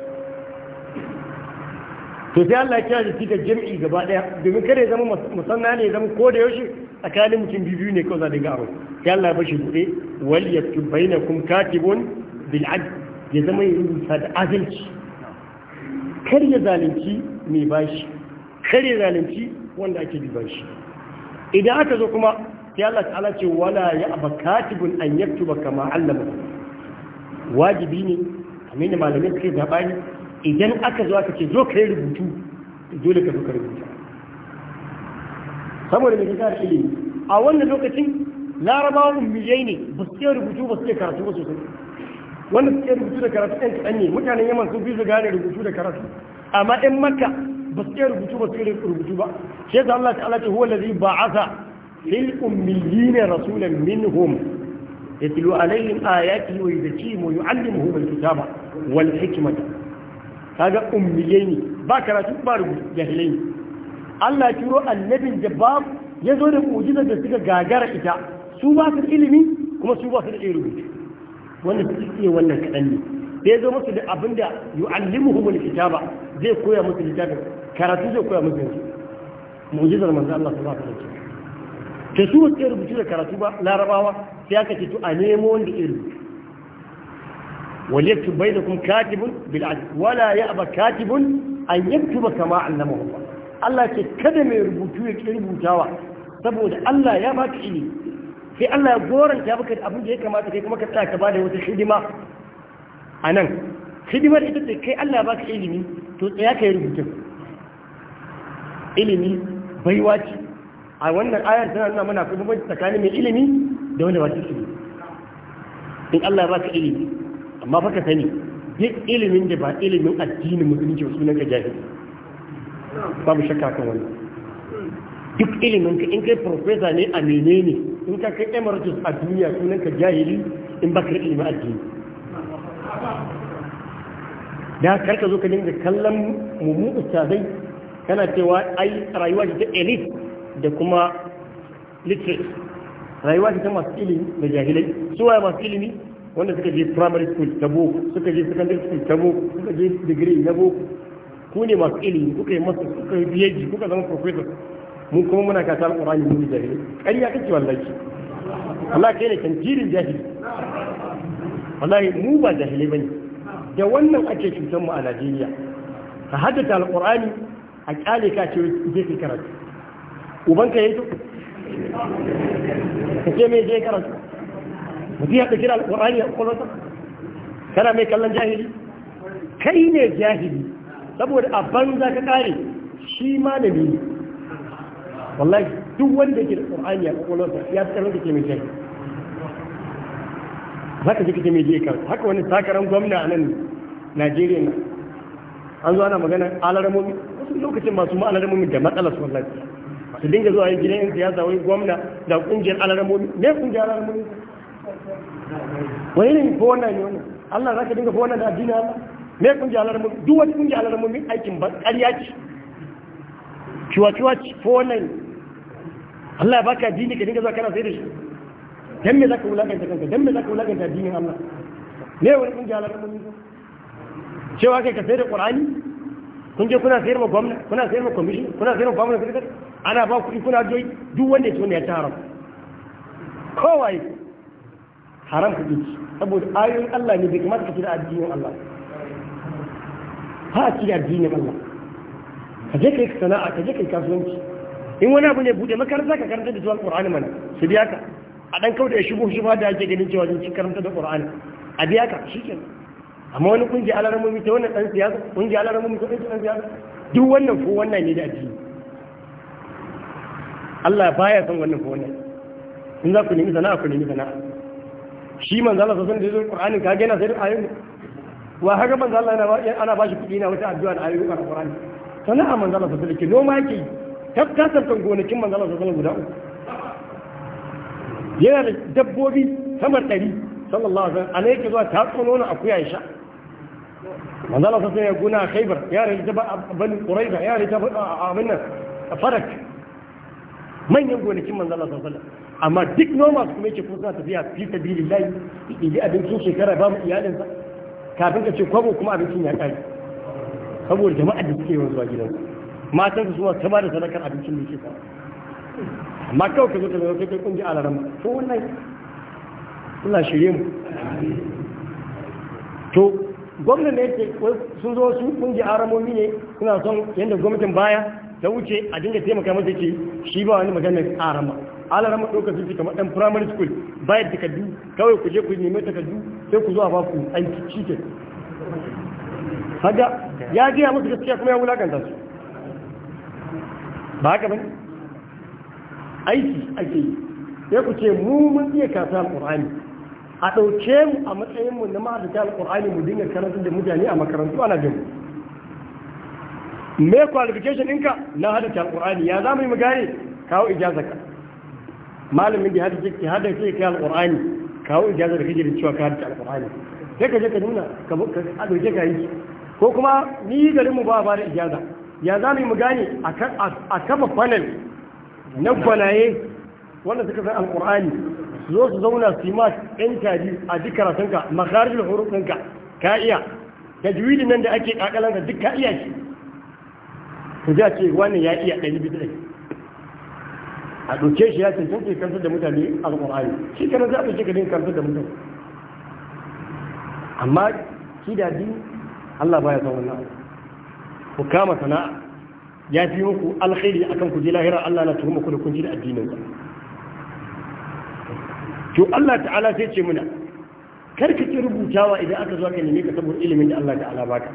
to sai Allah ya kira shi da jami'i gaba daya domin kada ya zama musanna ne zama ko da yaushe tsakanin mutum biyu ne kawai za da garo sai Allah ya bashi bude wal yaktub bainakum katibun bil adl ya zama yin rubuta da adalci kar ya zalunci mai bashi kar ya zalunci wanda ake bi bashi idan aka zo kuma sai Allah ta'ala ce wala ya aba katibun an yaktuba kama allama wajibi ne kamar malamin malamai suke zabani idan aka zo aka ce zo ka rubutu dole ka zo ka rubuta saboda mai kasar ilimi a wannan lokacin larabawa ummiyai ne ba su rubutu ba su iya karatu ba sosai wanda su iya rubutu da karatu ɗan kaɗan ne mutanen yaman sun fi gane rubutu da karatu amma ɗan maka ba su iya rubutu ba su iya rubutu ba shi yasa Allah ta'ala ce huwa allazi ba'atha lil ummiyina rasulan minhum yatlu alaihim ayatihi wa yuzakkihim wa yu'allimuhum al-kitaba wal hikmata kaga ummiyai ne ba karatu ba rubutu jahilai ne Allah ya turo annabin da babu ya zo da mu'jizar da suka gagara ita su ba su ilimi kuma su ba su da iya rubutu wanda su iya wannan kaɗan ne sai zo musu da abin da yu'allimuhumul kitaba zai koya musu littafin karatu zai koya musu yanzu mu'jizar manzo Allah sallallahu alaihi wasallam ta su wacce rubutu da karatu ba larabawa sai aka ce to a nemo wanda iya rubutu وليكتب بينكم كاتب بالعدل ولا يأبى كاتب أن يكتب كما علمه الله Allah ce kada mai rubutu ya ƙi rubutawa saboda Allah ya baka ilimi sai Allah ya goranta baka da abin da ya kamata kai kuma ka tsaya ka bada wata hidima a nan hidimar ita ce kai Allah ya baka ilimi to tsaya ka yi rubutun ilimi baiwa ce a wannan ayar tana nuna mana kuma tsakanin mai ilimi da in Allah ya baka ilimi amma fa ka sani duk ilimin da ba ilimin addinin musulunci sunan ka jahili babu shakka kan wannan duk ilimin ka in kai professor ne a menene in ka kai emeritus a duniya sunan ka jahili in ba ka ilimin addini da karka zo ka dinga kallon mummu ustazai kana cewa ai rayuwa ta elite da kuma literate rayuwa ta masu ilimi da jahilai su waye masu ilimi wanda suka je primary school ta boko suka je secondary school ta boko suka je degree na boko ku ne masu ilimi kuka yi masu kuka yi biyaji kuka zama professor mun kuma muna kasa alƙur'ani mu jahili ƙarya kake wallahi Allah kai ne kan jirin jahili wallahi mu ba jahili bane da wannan ake cutar mu a Najeriya ka haddata al'urani a kyale ka ce je ki karatu ka yayi to ka ce me je karatu mutum ya ɗauki alƙur'ani a kana mai kallon jahili kai ne jahili saboda a banza ka ƙare shi ma da ne wallahi duk wanda ke da ƙur'ani a ƙwaƙwalwarsa ya fi ƙarfin kake mai jahili za ka ji mai jika haka wani takarar gwamna a nan najeriya na an zo ana magana alaramomi wasu lokacin masu ma'alarmomi da matsalar wallahi su dinga zuwa yin gidan siyasa gwamna da me wani ne ko wannan ne wannan Allah ka dinga ko wannan da addini Allah me kun Allah mu duk wani kungiya Allah mu aikin ba ƙarya ce ciwa ciwa ci ko wannan Allah ya baka addini ka dinga zuwa kana sai da shi dan me zaka wulakanta kanka dan me zaka wulakanta addinin Allah me wani kun kungiya Allah mu cewa kai ka sai da Qur'ani kun je kuna sayar ma gwamna kuna sayar ma kwamishin kuna sayar ma gwamna kuna ana ba kuɗi kuna doyi duk wanda ya tona ya tara kowaye haram ka ci saboda ayoyin Allah ne bai kamata ka ci da addinin Allah ha ci da addinin Allah ka je kai sana'a ka je kai kasuwanci in wani abu ne bude makaranta ka karanta da zuwa Qur'ani mana su biya ka a dan kauda ya shigo shubha da ake ganin cewa jin karanta da Qur'ani a biya ka shikenan amma wani kungiya alaramomi ta wannan dan siyasa kungiya alaramomi ta dan siyasa duk wannan ko wannan ne da addini Allah baya son wannan ko wannan in za ku nemi sana'a ku nemi sana'a shi manzo Allah sosai da zuwa Qur'anin ka gina sai ayoyi wa haka manzo Allah ana ba shi kuɗi na wata addu'a da ayoyi a Qur'ani sana'a manzo Allah sosai ke noma yake tabbatar gonakin manzo Allah sosai guda uku yana da dabbobi sama ɗari sallallahu alaihi wasallam ana yake zuwa ta tsono akuya ya sha manzo Allah sosai ya guna Khaybar ya rita ban Quraiza ya rita abin nan Farak manyan gonakin manzo Allah sallallahu alaihi amma duk noma su kuma yake kuma suna tafiya fi sabilin layi abin sun shekara ba mu iyalinsa kafin ka ce kwabo kuma abincin ya ƙari saboda jama'a da suke yawan zuwa gidan matan su zuwa ta ba da sadakar abincin da shekara amma kawai ka zo ta zama kai kunji alaran to wannan suna shirye mu to gwamnan da yake sun zo su kungi aramomi ne suna son yadda gwamnatin baya ta wuce a dinga taimaka masa ce shi ba wani maganar arama ala ramu ɗauka sun fi kamar ɗan primary school bayan takardu kawai ku je ku nemi takardu sai ku zo a baku an cike. ke haga ya gaya musu gaskiya kuma ya wulakanta su ba haka bane aiki ake yi sai ku ce mu mun iya kasa alƙur'ani a ɗauke mu a matsayin mu na ma'aikata alƙur'ani mu dinga karanta da mutane a makarantu ana jin me qualification ɗinka na hadata alƙur'ani ya za mu yi mu gane kawo ijazarka malamin da hada jiki hada sai kai alqur'ani kawo ijazar da kake cewa ka hada alqur'ani sai ka je ka nuna ka a je ka yi ko kuma ni garin mu ba ba da ijaza ya za mu gane a kafa panel na gwanaye wanda suka san alqur'ani su zo su zauna su yi ma yan tabi a duk karatunka makarijin hurufinka ka iya tajwidin nan da ake kakalanka duk ka iya shi su ja ce wannan ya iya ɗari bisa ɗari a ɗauke shi ya cancanta ya karantar da mutane alƙur'ani shi kana za a ɗauke ka din karantar da mutane amma shi da din Allah baya son wannan ku kama sana'a ya fi muku alkhairi akan ku je lahira Allah na tuhuma ku da kun ji da addinin sa to Allah ta'ala sai ce muna kar ka ki rubutawa idan aka zo ka neme ka saboda ilimin da Allah ta'ala baka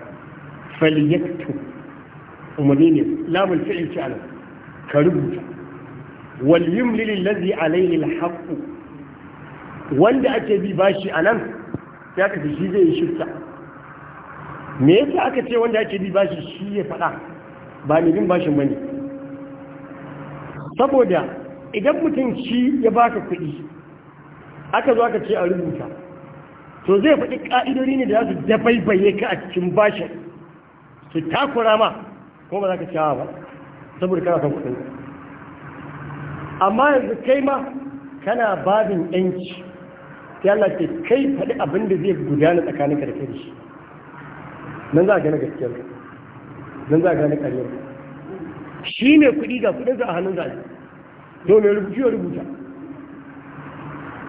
falyaktub umarni ne lamun fi'il fi'al ka rubuta wal yumlil allazi alayhi alhaq wanda ake bi bashi anan sai aka shi zai yi shirka me yasa aka ce wanda ake bi bashi shi ya faɗa ba ne bin bashin bane saboda idan mutum shi ya baka kuɗi aka zo aka ce a rubuta to zai faɗi ƙa'idori ne da za su dabaibaye ka a cikin bashin su takura ma ko ba za ka ciyawa ba saboda kana son kuɗin amma yanzu kai ma kana babin yanci ya lafi kai faɗi abin da zai gudana tsakaninka da kai da shi nan za a gane gaskiyar nan za a gane karyar shi ne kuɗi ga kuɗin za a hannun a yi domin rubuci wa rubuta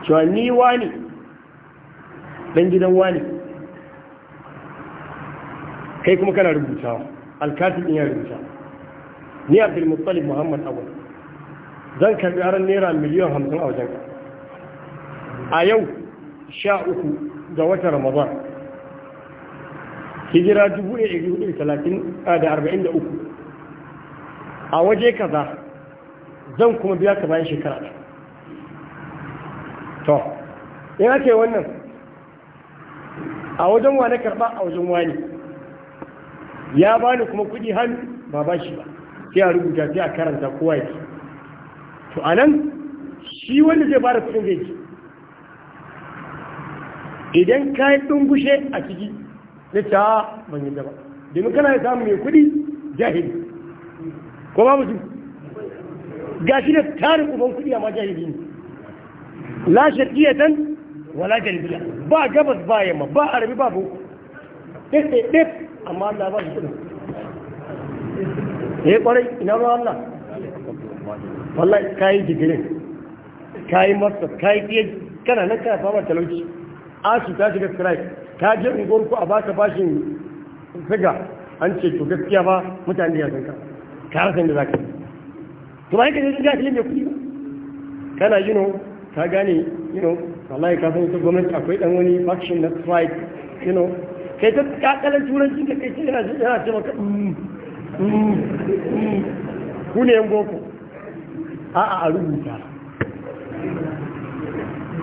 cewa ni wani ɗan gidan wani kai kuma kana rubutawa alkatin iya rubuta ni abdulmuttalib muhammad awal zan karbi aron naira miliyan hamsin a wajen a yau sha uku ga watan ramadan hijira dubu ɗaya ɗari hudu talatin da arba'in da uku a waje kaza zan kuma biya ka bayan shekara to ina ke wannan a wajen wane karɓa a wajen wani ya bani kuma kuɗi hannu ba ba shi ba sai a rubuta sai a karanta kowa yake to anan shi wanda zai fara cikin zai idan ka yi dungushe a ciki na ta ah, ban daba domin kana yi samun mai kudi jahili ko ba mutum ga shi da tarin uban kudi amma jahili ne la tan wala jalbiya ba gabas ba yamma ba arabi ba bu dai amma ba wallahi ka yi digirin ka yi masters ka yi fiye kana nan kana fama talauci asu ta shiga strike ka je unguwar ku a baka bashin siga an ce to gaskiya ba mutane ya san ka ka rasa inda za ka yi to ba ka je shiga filin mai kuɗi ba kana yi no ka gane you know wallahi ka san ita gwamnati akwai dan wani faction na strike you know kai ta kakalar turanci da kai ce yana ce maka mm, mm, mm. ku ne yan boko a'a a rubuta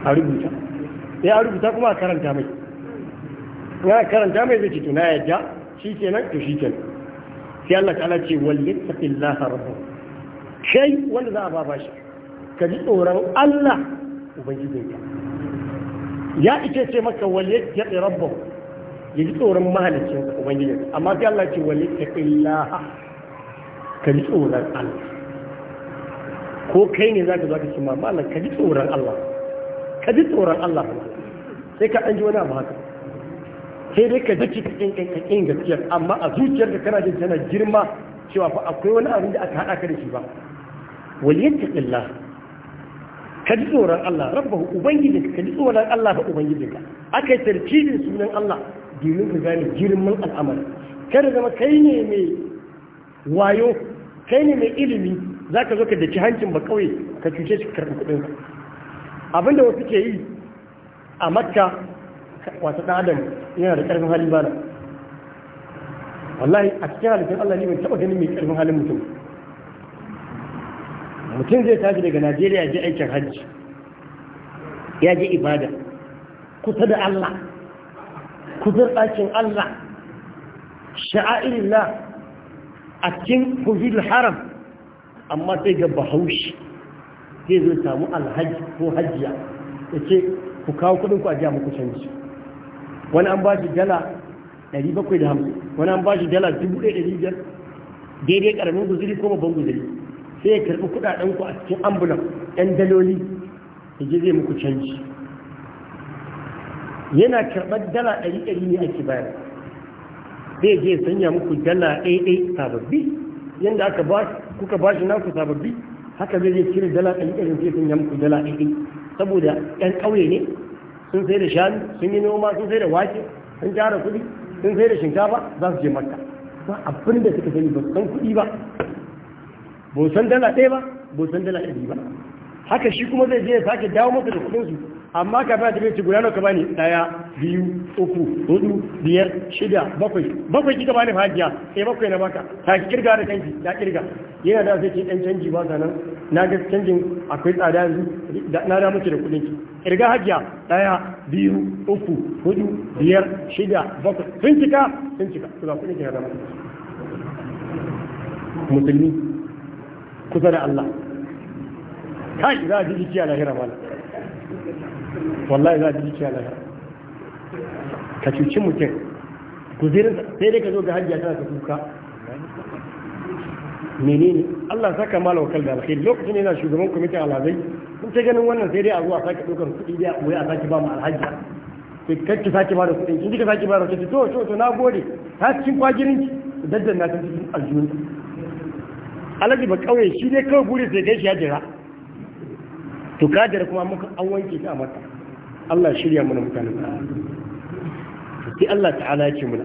a rubuta ya a rubuta kuma a karanta mai ya karanta mai zai ce na yadda shi shi nan to shi nan sai Allah ta'ala ce wallin tafin lahar rabu shai wanda za a ba bashi ka ji tsoron Allah ubangijinka ya ita ce maka ya tafin rabu ya ji tsoron mahalicin ubangijinka amma sai Allah ce wallin tafin lahar ka ji tsoron Allah ko kai ne za ka zaka ce mamala ka ji tsoron Allah ka ji tsoron Allah sai ka an wani abu haka sai dai ka ji cikin kankan gaskiyar amma a zuciyar ka kana jin tana girma cewa fa akwai wani abin da aka haɗa ka da shi ba wal illa ka ji tsoron Allah rabbahu ubangijinka ka ji tsoron Allah ka ubangijinka aka yi tartibin sunan Allah domin ka gane girman al'amari kada zama kai ne mai wayo kai ne mai ilimi za ka zo ka daki hancin ba kawai ka cuce shi karɓi kuɗin abinda wasu ke yi a makka wata ɗan adam yana da ƙarfin hali bana wallahi a cikin halittun allah ne taba taɓa ganin mai ƙarfin halin mutum mutum zai tashi daga najeriya ya je aikin hajji ya je ibada kusa da allah kusa ɗakin allah Sha'a'ilillah. a cikin da haram amma sai ga bahaushe zai samu alhaji ko hajiya ya ce ku kawo kudin ku a jiya muku canji wani an ba shi dala 750 wani an ba shi dala 1500 daidai karamin guzuri ko babban guzuri sai ya karbi kudaden ku a cikin ambulan yan daloli ya je zai muku canji yana karɓar dala 100 ne ake bayar zai je sanya muku dala 1 sababbi yadda aka ba kuka ba shi naku sababbi haka zai cire dala ɗari ɗari sai sun yamku dala ɗari saboda ƴan ƙauye ne sun sai da shanu sun yi noma sun sai da wake sun tara kuɗi sun sai da shinkafa za su je makka ba abin da suka sani ba san kuɗi ba ba san dala ɗaya ba ba san dala ɗari ba haka shi kuma zai je ya sake dawo masa da kuɗinsu amma kafin a tafi ci guda ka bani daya biyu uku hudu biyar shida bakwai bakwai kika bani hajiya. eh bakwai na baka ta ki kirga da kanki da kirga yana da sai ki dan canji ba sanan na ga canjin akwai tsada yanzu na da miki da kudin ki kirga hajiya daya biyu uku hudu biyar shida bakwai sun cika sun cika to ga kudin ki na da musulmi kusa da Allah kai za a ji jiki a lahira ba wallahi za a ji ciya lafiya ka cuci mutum guzirin sai dai ka zo ga hajjiya tana ta kuka menene Allah sa ka mala wakal da alkhairi lokacin yana shugaban kwamitin alhazai kun ta ganin wannan sai dai a zuwa sake dokar kuɗi da ya a sake ba mu alhaji sai kacce sake ba da kuɗi in ka sake ba da kuɗi to to to na gode ta cikin kwagirin ki daddan na ta cikin aljihun alaji ba kawai shi ne kawai buri sai gaishe ya jira to ka jira kuma an wanke shi a mata Allah shirya mana mutanen sai Allah ta'ala ce mana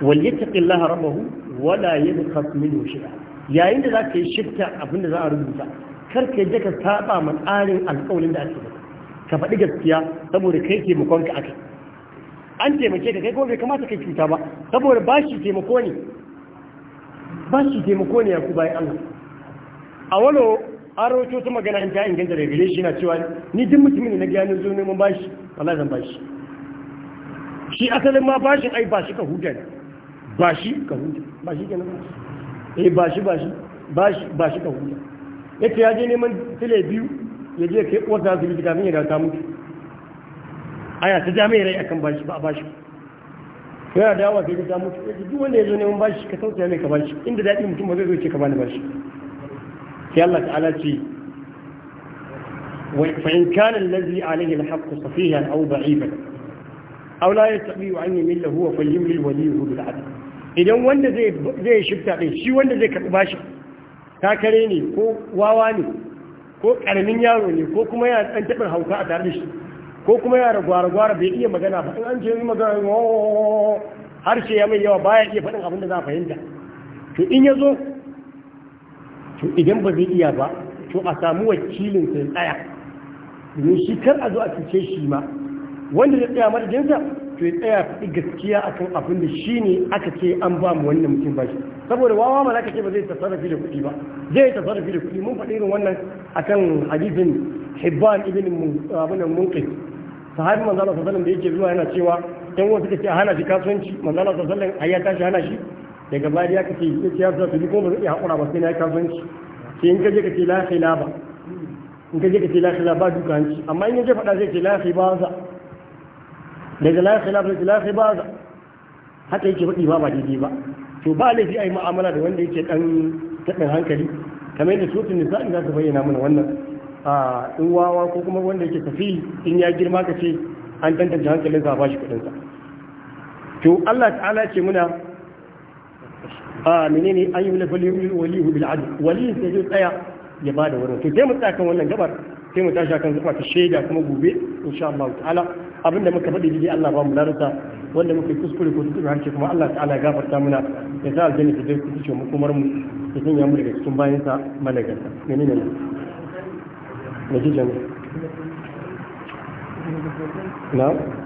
wal Allah rabbahu wala yabqas minhu shay'a yayin da zaka yi shifta abinda za a rubuta kar ka je ka saba man tsarin alƙawarin da ake ka faɗi gaskiya saboda kai ke mukonka aka an taimake ka kai kuma bai kamata kai cuta ba saboda ba shi taimako ne ba shi taimako ne ya ku bayan Allah a wani an rawaito ta magana in ta inganta da gare shi na cewa ni duk mutumin da na gaya gani zuwa neman bashi Allah zan bashi shi asalin ma bashi ai bashi ka huta ne bashi ka huta bashi shi kenan bashi eh, ba shi bashi ka ba ya ce ya je neman tile biyu ya je ke wata su asibiti kafin ya dawo ta mutu ana ta jami'ai rai akan bashi ba a bashi yana dawowa sai ka ta mutu ya ce duk wanda ya zo neman bashi ka tausaya mai ka bashi inda daɗi mutum ba zai zo ce ka bani bashi sai Allah ta'ala ce فإن كان الذي عليه الحق صفيها أو ضعيفا أو لا يستطيع أن يمل هو فليمل وليه بالعدل idan wanda zai shifta ɗin shi wanda zai karɓi bashi takare ne ko wawa ne ko ƙaramin yaro ne ko kuma ya ɗan taɓin hauka a tare shi ko kuma ya ragwara-gwara bai iya magana ba in an ce yi magana oh, harshe ya mai yawa baya iya faɗin abin da za a fahimta to in ya zo to idan ba zai iya ba to a samu wakilin sai tsaya domin shi kar a zo a cice shi ma wanda zai tsaya jinsa, to ya tsaya fi gaskiya akan abin da shi ne aka ce an ba mu wannan mutum shi saboda wawa ma zaka ce ba zai tasarrafi da kuɗi ba zai tasarrafi da kuɗi mun faɗi irin wannan akan hadisin hibban ibn mun munqis sahabi manzo sallallahu alaihi wasallam da yake zuwa yana cewa dan wasu ce a hana shi kasuwanci manzo sallallahu alaihi wasallam ai tashi hana shi daga baya ya kace ya ce ya zo tuni ko ba zai iya haƙura ba sai na yi zanci sai in ka je ka ce la khila ba in ka je ka ce la khila ba duka hanci amma in ya je faɗa zai ce la ba daga la khila ba la ba za haka yake fadi ba ba daidai ba to ba laifi a yi mu'amala da wanda yake dan taɓin hankali kamar yadda sutun da za su bayyana mana wannan in wawa ko kuma wanda yake tafi in ya girma ka ce an tantance hankalinsa ba shi kuɗinsa to Allah ta'ala ce muna a ne an yi wani falin walihu bil adl waliyin sai zai ya ba da wurin to sai mu tsaya kan wannan gabar sai mu tashi kan zuwa ta shaida kuma gobe insha Allah ta'ala abinda muka faɗi dai Allah ba mu larasa wanda muka kuskure ko tuka harshe kuma Allah ta'ala gafarta muna ya sa aljanna ta zai kuce mu kuma mu ya sanya mu daga cikin bayan sa malagarta menene ne ne ji jami'a na